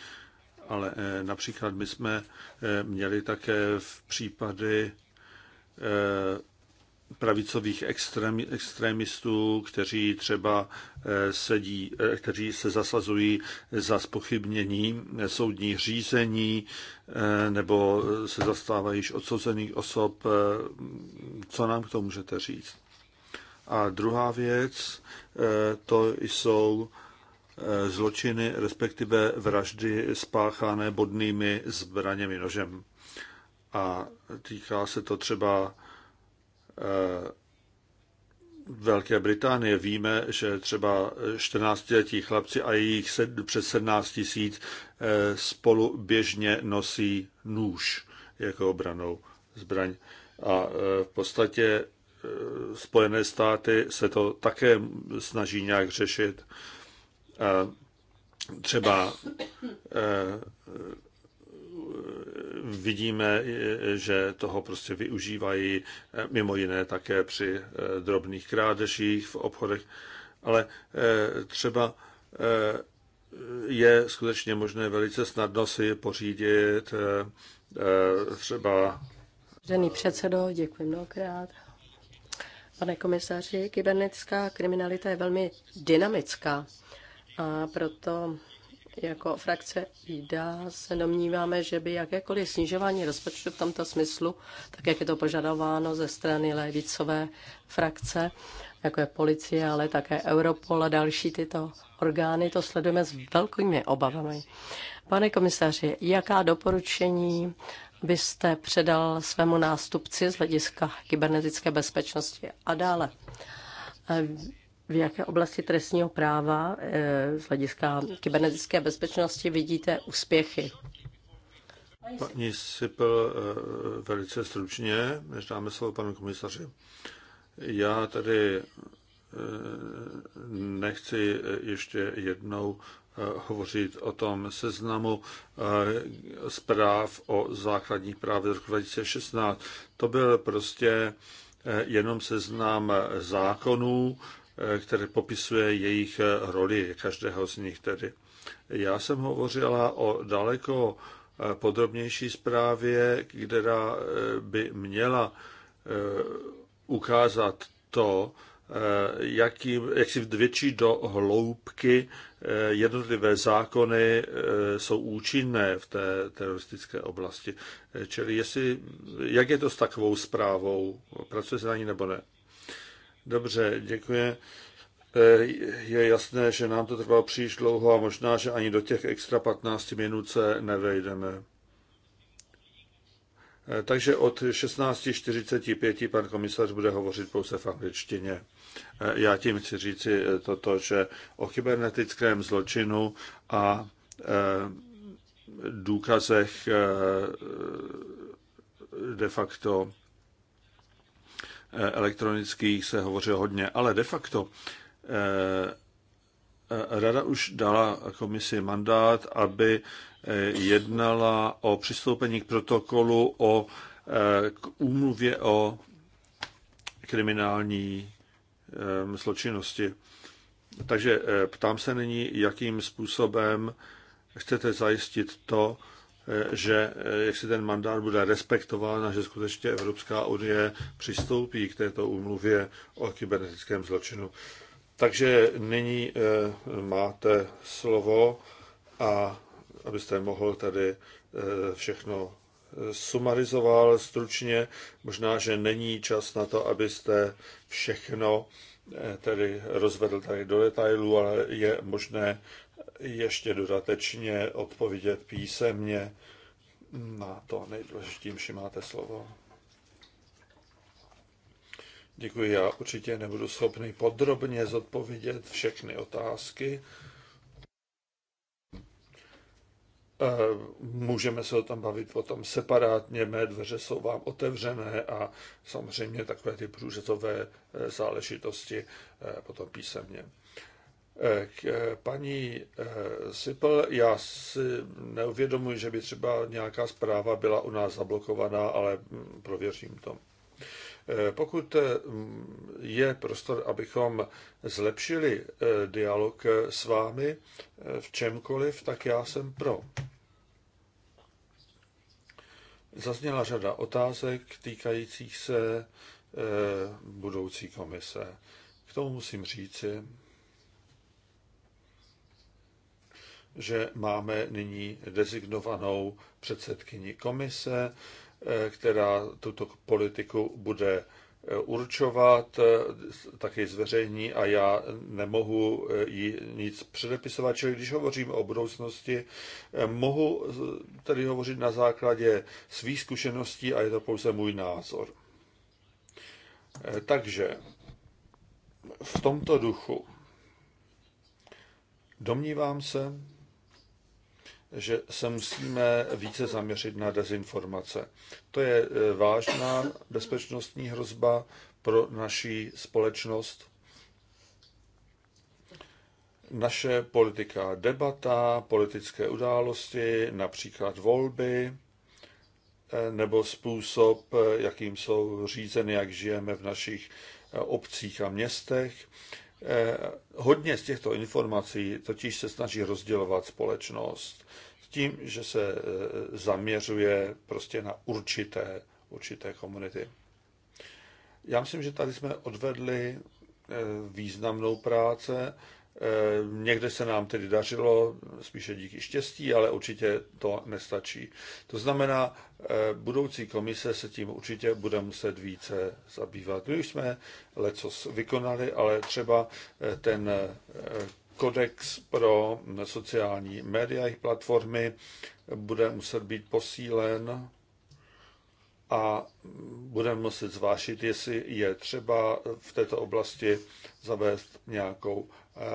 ale například my jsme měli také v případy Eh, pravicových extrém, extrémistů, kteří třeba eh, sedí, eh, kteří se zasazují za spochybnění soudní řízení nebo se zastávají již odsouzených osob. Co nám k tomu můžete říct? A druhá věc, to jsou zločiny, respektive vraždy spáchané bodnými zbraněmi nožem a týká se to třeba eh, Velké Británie. Víme, že třeba 14-letí chlapci a jejich přes 17 tisíc eh, spolu běžně nosí nůž jako obranou zbraň. A eh, v podstatě Spojené státy se to také snaží nějak řešit. Třeba vidíme, že toho prostě využívají e, mimo jiné také při e, drobných krádežích v obchodech, ale e, třeba je skutečně možné velice snadno si pořídit třeba... Vážený předsedo, děkuji mnohokrát. Pane komisaři, kybernetická kriminalita je velmi dynamická a proto jako frakce IDA se domníváme, že by jakékoliv snižování rozpočtu v tomto smyslu, tak jak je to požadováno ze strany levicové frakce, jako je policie, ale také Europol a další tyto orgány, to sledujeme s velkými obavami. Pane komisaři, jaká doporučení byste předal svému nástupci z hlediska kybernetické bezpečnosti a dále? v jaké oblasti trestního práva eh, z hlediska kybernetické bezpečnosti vidíte úspěchy? Paní Sipel, eh, velice stručně, než dáme slovo panu komisaři. Já tady eh, nechci ještě jednou hovořit o tom seznamu zpráv o základních právech z roku 2016. To byl prostě jenom seznam zákonů, Eh, které popisuje jejich eh, roli, každého z nich tedy. Já jsem hovořila o daleko eh, podrobnější zprávě, která by měla ukázat to, jaký, jak si větší do hloubky jednotlivé zákony jsou účinné v té teroristické oblasti. Čili jestli, jak je to s takovou zprávou, pracuje se na ní nebo ne? Dobře, děkuji. E, je jasné, že nám to trvalo příliš dlouho a možná, že ani do těch extra 15 minut se nevejdeme. E, takže od 16.45 pan komisař bude hovořit pouze v angličtině. E, já tím chci říci toto, že o kybernetickém zločinu a důkazech de facto Eh, elektronických se hovořilo hodně, ale de facto eh, Rada už dala komisi mandát, aby eh, jednala o přistoupení k protokolu o k úmluvě o kriminální zločinnosti. Takže ptám se nyní, jakým způsobem chcete zajistit to, Eh, že eh, jaksi ten mandát bude respektován a že skutečně Evropská unie přistoupí k této úmluvě o kybernetickém zločinu. Takže nyní eh, máte slovo a abyste mohl tady všechno sumarizoval stručně. Možná, že není čas na to, abyste všechno tedy rozvedl tady do detailů, ale je možné ještě dodatečně odpovědět písemně na to nejdůležitější máte slovo. Děkuji, já určitě nebudu schopný podrobně zodpovědět všechny otázky. Eh, můžeme se o tom bavit potom separátně, mé dveře jsou vám otevřené a samozřejmě takové ty průřezové eh, záležitosti eh, potom písemně. Eh, k eh, paní eh, Sipl, já si neuvědomuji, že by třeba nějaká zpráva byla u nás zablokovaná, ale hm, prověřím to. Pokud je prostor, abychom zlepšili dialog s vámi v čemkoliv, tak já jsem pro. Zazněla řada otázek týkajících se budoucí komise. K tomu musím říci, že máme nyní designovanou předsedkyni komise, eh, která tuto politiku bude eh, určovat, eh, taky zveřejní a já nemohu jí nic předepisovat. Čili když hovořím o budoucnosti, mohu tedy hovořit na základě svých zkušeností a je to pouze můj názor. Takže v tomto duchu domnívám se, že se musíme více zaměřit na dezinformace. To je e, vážná bezpečnostní hrozba pro naší společnost. Naše politika debata, politické události, například volby, e, nebo způsob, e, jakým jsou řízeny, jak žijeme v našich obcích a městech, Eh, hodně z těchto informací totiž se snaží rozdělovat společnost s tím, že se eh, zaměřuje prostě na určité, určité komunity. Já myslím, že tady jsme odvedli eh, významnou práce Eh, někde se nám tedy dařilo, spíše díky štěstí, ale určitě to nestačí. To znamená, eh, budoucí komise se tím určitě bude muset více zabývat. My už jsme lecos vykonali, ale třeba eh, ten kodex pro sociální média, i platformy bude muset být posílen a budeme muset zvážit, jestli je třeba v této oblasti zavést nějakou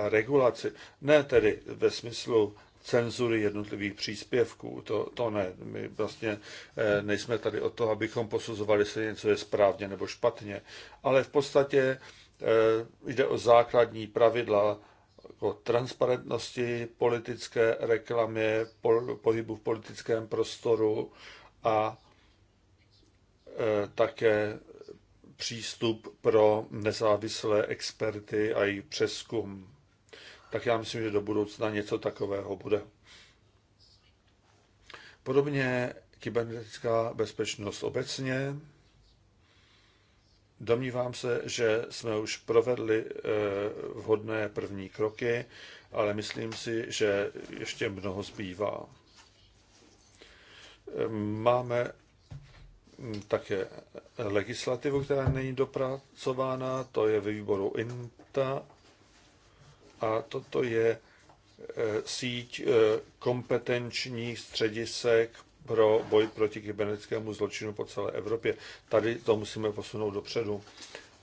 regulaci. Ne tedy ve smyslu cenzury jednotlivých příspěvků, to, to ne. My vlastně eh, nejsme tady o to, abychom posuzovali, jestli něco je správně nebo špatně, ale v podstatě eh, jde o základní pravidla o jako transparentnosti, politické reklamy, pohybu v politickém prostoru a eh, také přístup pro nezávislé experty a jejich přeskum tak já myslím, že do budoucna něco takového bude. Podobně kybernetická bezpečnost obecně. Domnívám se, že jsme už provedli eh, vhodné první kroky, ale myslím si, že ještě mnoho zbývá. Máme hm, také legislativu, která není dopracována, to je ve výboru INTA a toto je e, síť e, kompetenčních středisek pro boj proti kybernetickému zločinu po celé Evropě. Tady to musíme posunout dopředu.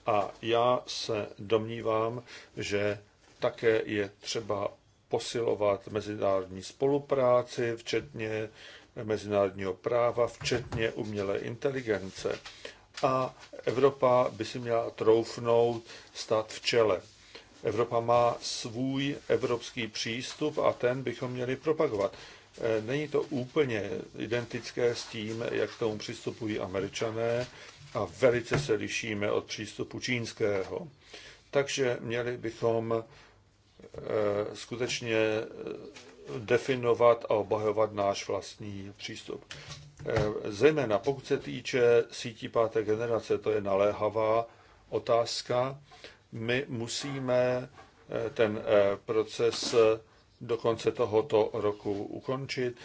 A já se domnívám, že také je třeba posilovat mezinárodní spolupráci, včetně mezinárodního práva, včetně umělé inteligence. A Evropa by si měla troufnout stát v čele Evropa má svůj evropský přístup a ten bychom měli propagovat. E, není to úplně identické s tím, jak k tomu přistupují američané a velice se lišíme od přístupu čínského. Takže měli bychom e, skutečně e, definovat a obhajovat náš vlastní přístup. Zejména pokud se týče sítí páté generace, to je naléhavá otázka my musíme eh, ten eh, proces eh, do konce tohoto roku ukončit.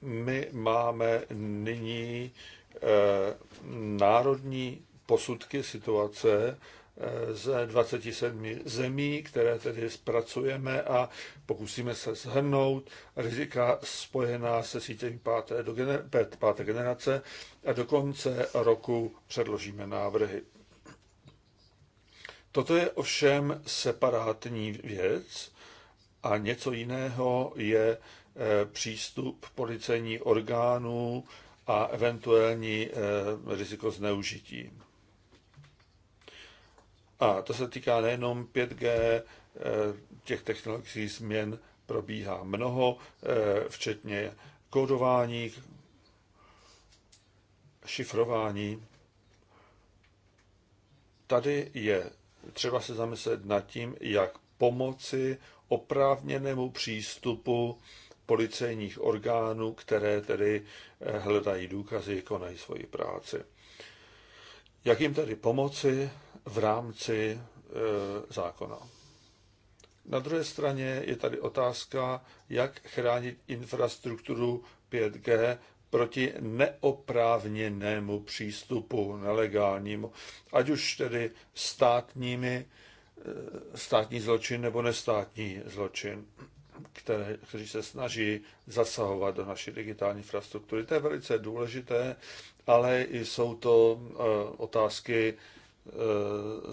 My máme nyní národní posudky situace z 27 zemí, které tedy zpracujeme a pokusíme se shrnout rizika spojená se sítěmi páté, do gener- páté generace a do konce roku předložíme návrhy. Toto je ovšem separátní věc a něco jiného je eh, přístup policejní orgánů a eventuální eh, riziko zneužití. A to se týká nejenom 5G, eh, těch technologických změn probíhá mnoho, včetně kódování, šifrování. Tady je třeba se zamyslet nad tím, jak pomoci oprávněnému přístupu policejních orgánů, které tedy eh, hledají důkazy, konají svoji práci. Jak jim tedy pomoci v rámci eh, zákona? Na druhé straně je tady otázka, jak chránit infrastrukturu 5G proti neoprávněnému přístupu, nelegálnímu, ať už tedy státními, eh, státní zločin nebo nestátní zločin, které, kteří se snaží zasahovat do naší digitální infrastruktury. To je velice důležité, ale jsou to eh, otázky eh,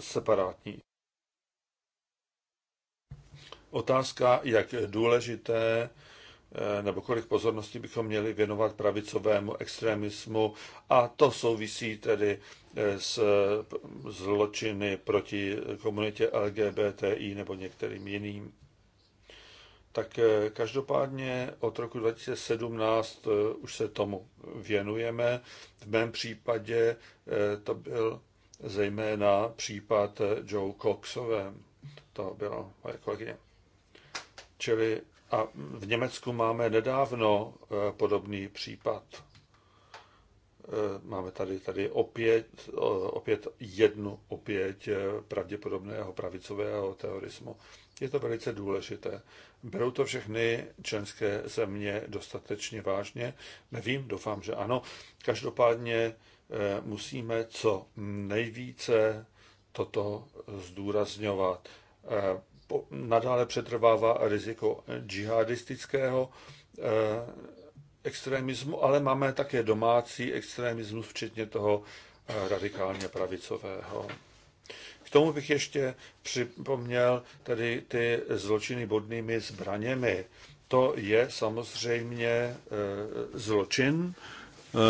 separátní. Otázka, jak důležité Eh, nebo kolik pozornosti bychom měli věnovat pravicovému extremismu a to souvisí tedy eh, s zločiny proti komunitě LGBTI nebo některým jiným. Tak eh, každopádně od roku 2017 už se tomu věnujeme. V mém případě to byl zejména případ Joe Coxové. To byla moje kolegyně. Čili a v Německu máme nedávno eh, podobný případ. Eh, máme tady, tady opět, opět jednu opět eh, pravděpodobného pravicového terorismu. Je to velice důležité. Berou to všechny členské země dostatečně vážně? Nevím, doufám, že ano. Každopádně musíme co nejvíce toto zdůrazňovat nadále přetrvává riziko džihadistického eh, extremismu, ale máme také domácí extremismus, včetně toho eh, radikálně pravicového. K tomu bych ještě připomněl tedy ty zločiny bodnými zbraněmi. To je samozřejmě eh, zločin,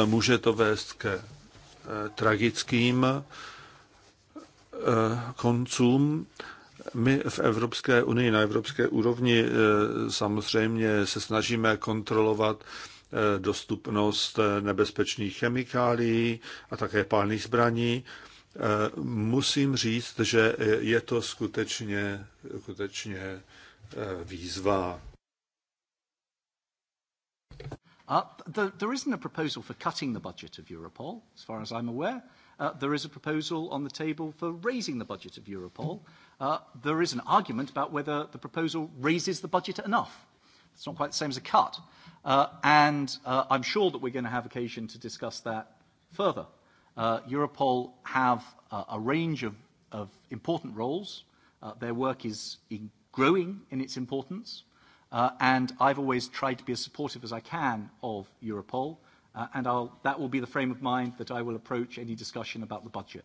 může to vést ke tragickým koncům my v Evropské unii, na evropské úrovni eh, samozřejmě se snažíme kontrolovat eh, dostupnost eh, nebezpečných chemikálií a také pálných zbraní. Musím říct, že je to skutečně, skutečně výzva. Uh, there isn't a proposal for cutting the budget of Europol, as far as I'm aware. Uh, there is a proposal on the table for raising the budget of Europol. Mm uh, there is an argument about whether the proposal raises the budget enough. It's not quite the same as a cut. Uh, and uh, I'm sure that we're going to have occasion to discuss that further. Uh, Europol have uh, a range of, of important roles. Uh, their work is in growing in its importance. Uh, and I've always tried to be as supportive as I can of Europol. Uh, and I'll, that will be the frame of mind that I will approach any discussion about the budget.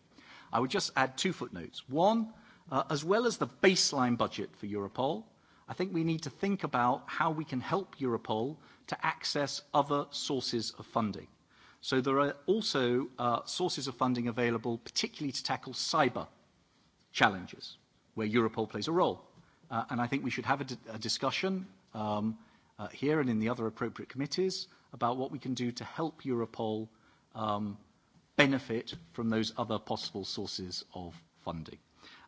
I would just add two footnotes. One, uh, Uh, as well as the baseline budget for Europol, I think we need to think about how we can help Europol to access other sources of funding. So there are also uh, sources of funding available, particularly to tackle cyber challenges, where Europol plays a role. Uh, and I think we should have a, a discussion um, uh, here and in the other appropriate committees about what we can do to help Europol um, benefit from those other possible sources of funding.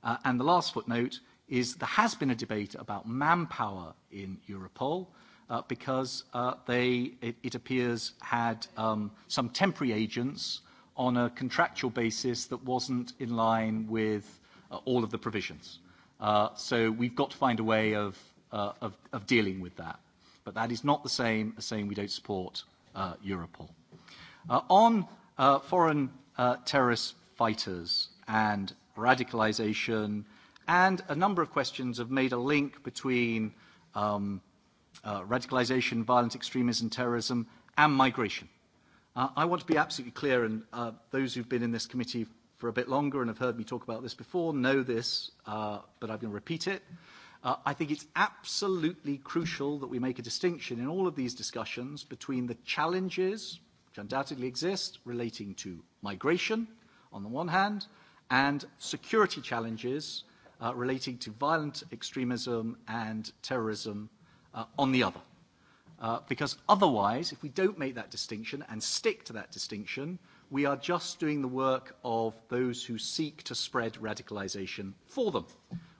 Uh, and the last footnote is there has been a debate about manpower in Europol uh, because uh, they, it, it appears, had um, some temporary agents on a contractual basis that wasn't in line with uh, all of the provisions. Uh, so we've got to find a way of, uh, of, of dealing with that. But that is not the same as saying we don't support uh, Europol. Uh, on uh, foreign uh, terrorist fighters and radicalization, and a number of questions have made a link between um, uh, radicalization, violent extremism, terrorism, and migration. Uh, I want to be absolutely clear, and uh, those who've been in this committee for a bit longer and have heard me talk about this before know this, uh, but I'm going to repeat it. Uh, I think it's absolutely crucial that we make a distinction in all of these discussions between the challenges, which undoubtedly exist, relating to migration on the one hand, and security challenges uh, relating to violent extremism and terrorism uh, on the other. Uh, because otherwise, if we don't make that distinction and stick to that distinction, we are just doing the work of those who seek to spread radicalization for them,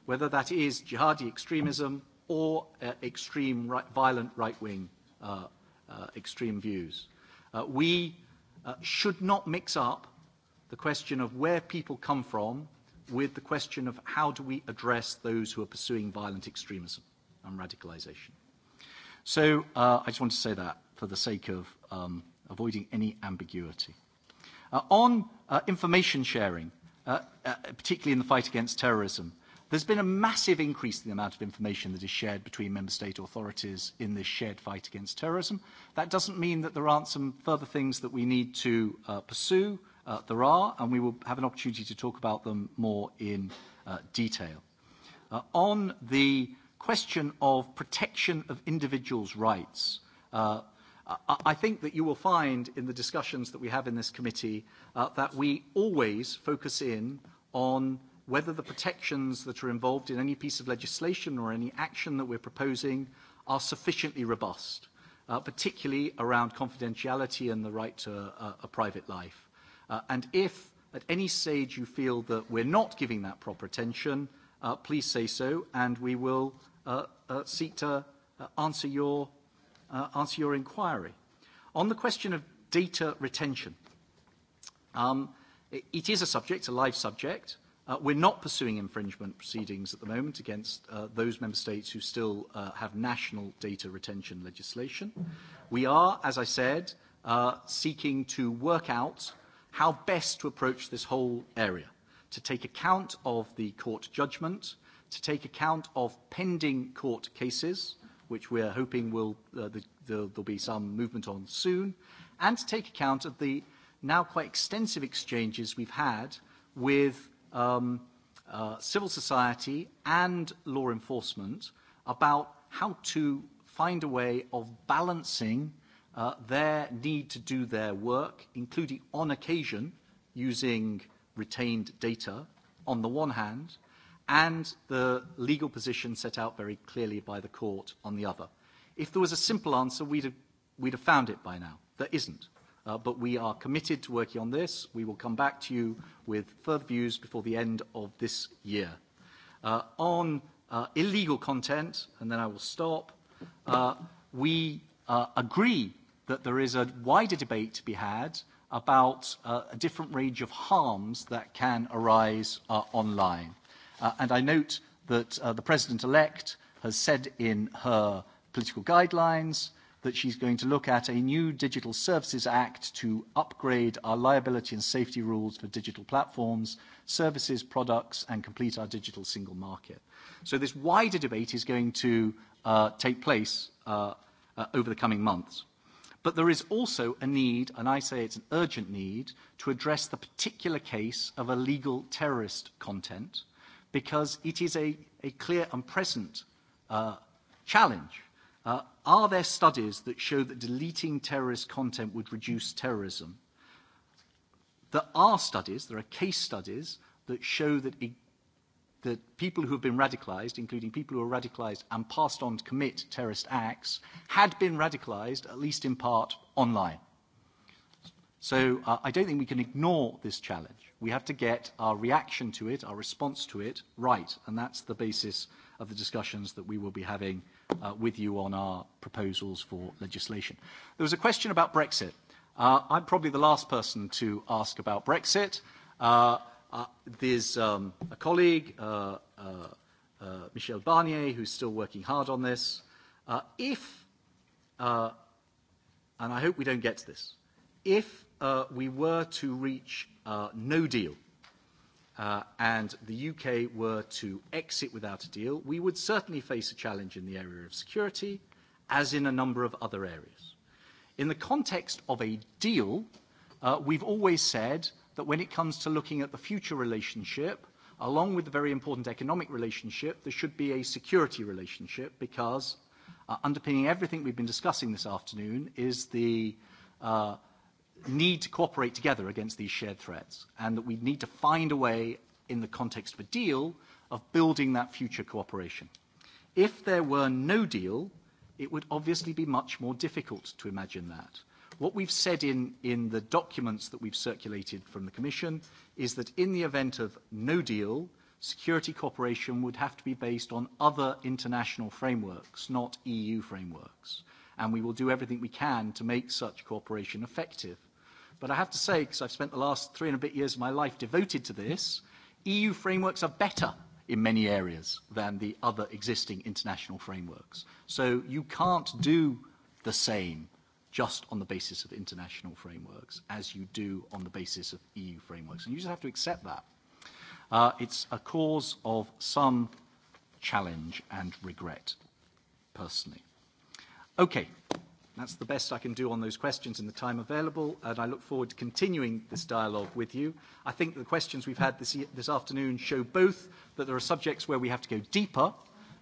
whether that is jihadi extremism or uh, extreme right, violent right-wing uh, uh, extreme views. Uh, we uh, should not mix up the question of where people come from with the question of how do we address those who are pursuing violent extremism and radicalization. So uh, I just want to say that for the sake of um, avoiding any ambiguity. Uh, on uh, information sharing, uh, uh, particularly in the fight against terrorism, there's been a massive increase in the amount of information that is shared between member state authorities in this shared fight against terrorism. That doesn't mean that there aren't some further things that we need to uh, pursue. Uh, Uh, there are, and we will have an opportunity to talk about them more in uh, detail. Uh, on the question of protection of individuals' rights, uh, I think that you will find in the discussions that we have in this committee uh, that we always focus in on whether the protections that are involved in any piece of legislation or any action that we're proposing are sufficiently robust, uh, particularly around confidentiality and the right to a private life. Uh, and if at any stage you feel that we're not giving that proper attention, uh, please say so, and we will uh, uh, seek to uh, answer, your, uh, answer your inquiry. On the question of data retention, um, it, it is a subject, a live subject. Uh, we're not pursuing infringement proceedings at the moment against uh, those member states who still uh, have national data retention legislation. We are, as I said, uh, seeking to work out how best to approach this whole area, to take account of the court judgment, to take account of pending court cases, which we're hoping will, uh, the, the, there'll be some movement on soon, and to take account of the now quite extensive exchanges we've had with um, uh, civil society and law enforcement about how to find a way of balancing Uh, their need to do their work, including on occasion using retained data on the one hand, and the legal position set out very clearly by the court on the other. If there was a simple answer, we'd have, we'd have found it by now. There isn't. Uh, but we are committed to working on this. We will come back to you with further views before the end of this year. Uh, on uh, illegal content, and then I will stop, uh, we uh, agree that there is a wider debate to be had about uh, a different range of harms that can arise uh, online. Uh, and I note that uh, the president-elect has said in her political guidelines that she's going to look at a new Digital Services Act to upgrade our liability and safety rules for digital platforms, services, products, and complete our digital single market. So this wider debate is going to uh, take place uh, uh, over the coming months. But there is also a need, and I say it's an urgent need, to address the particular case of illegal terrorist content because it is a, a clear and present uh, challenge. Uh, are there studies that show that deleting terrorist content would reduce terrorism? There are studies, there are case studies that show that that people who have been radicalized, including people who are radicalized and passed on to commit terrorist acts, had been radicalized, at least in part, online. So uh, I don't think we can ignore this challenge. We have to get our reaction to it, our response to it, right. And that's the basis of the discussions that we will be having uh, with you on our proposals for legislation. There was a question about Brexit. Uh, I'm probably the last person to ask about Brexit. Uh, Uh, there's um, a colleague, uh, uh, Michel Barnier, who's still working hard on this. if, and I hope we don't get to this, if we were to reach no deal and the UK were to exit without a deal, we would certainly face a challenge in the area of security, as in a number of other areas. In the context of a deal, we've always said that when it comes to looking at the future relationship, along with the very important economic relationship, there should be a security relationship because uh, underpinning everything we've been discussing this afternoon is the uh, need to cooperate together against these shared threats and that we need to find a way in the context of a deal of building that future cooperation. If there were no deal, it would obviously be much more difficult to imagine that. What we've said in, the documents that we've circulated from the Commission is that in the event of no deal, security cooperation would have to be based on other international frameworks, not EU frameworks. And we will do everything we can to make such cooperation effective. But I have to say, because I've spent the last three and a bit years of my life devoted to this, EU frameworks are better in many areas than the other existing international frameworks. So you can't do the same just on the basis of international frameworks, as you do on the basis of EU frameworks. And you just have to accept that. Uh, it's a cause of some challenge and regret, personally. Okay, that's the best I can do on those questions in the time available, and I look forward to continuing this dialogue with you. I think the questions we've had this, this afternoon show both that there are subjects where we have to go deeper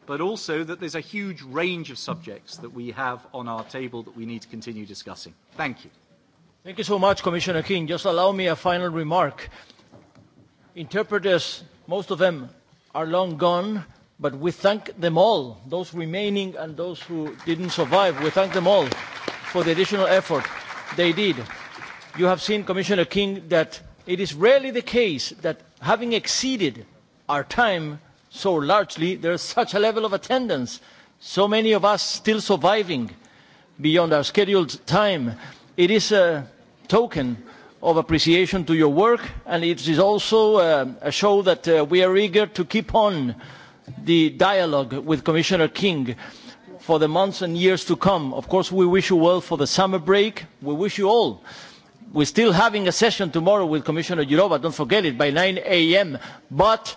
but also that there's a huge range of subjects that we have on our table that we need to continue discussing. Thank you. Thank you so much, Commissioner King. Just allow me a final remark. Interpreters, most of them are long gone, but we thank them all, those remaining and those who didn't survive. We thank them all for the additional effort they did. You have seen, Commissioner King, that it is rarely the case that having exceeded our time, so largely, there is such a level of attendance, so many of us still surviving beyond our scheduled time. It is a token of appreciation to your work, and it is also uh, a show that uh, we are eager to keep on the dialogue with Commissioner King for the months and years to come. Of course, we wish you well for the summer break. We wish you all. We're still having a session tomorrow with Commissioner Girova, don't forget it, by 9 a.m. But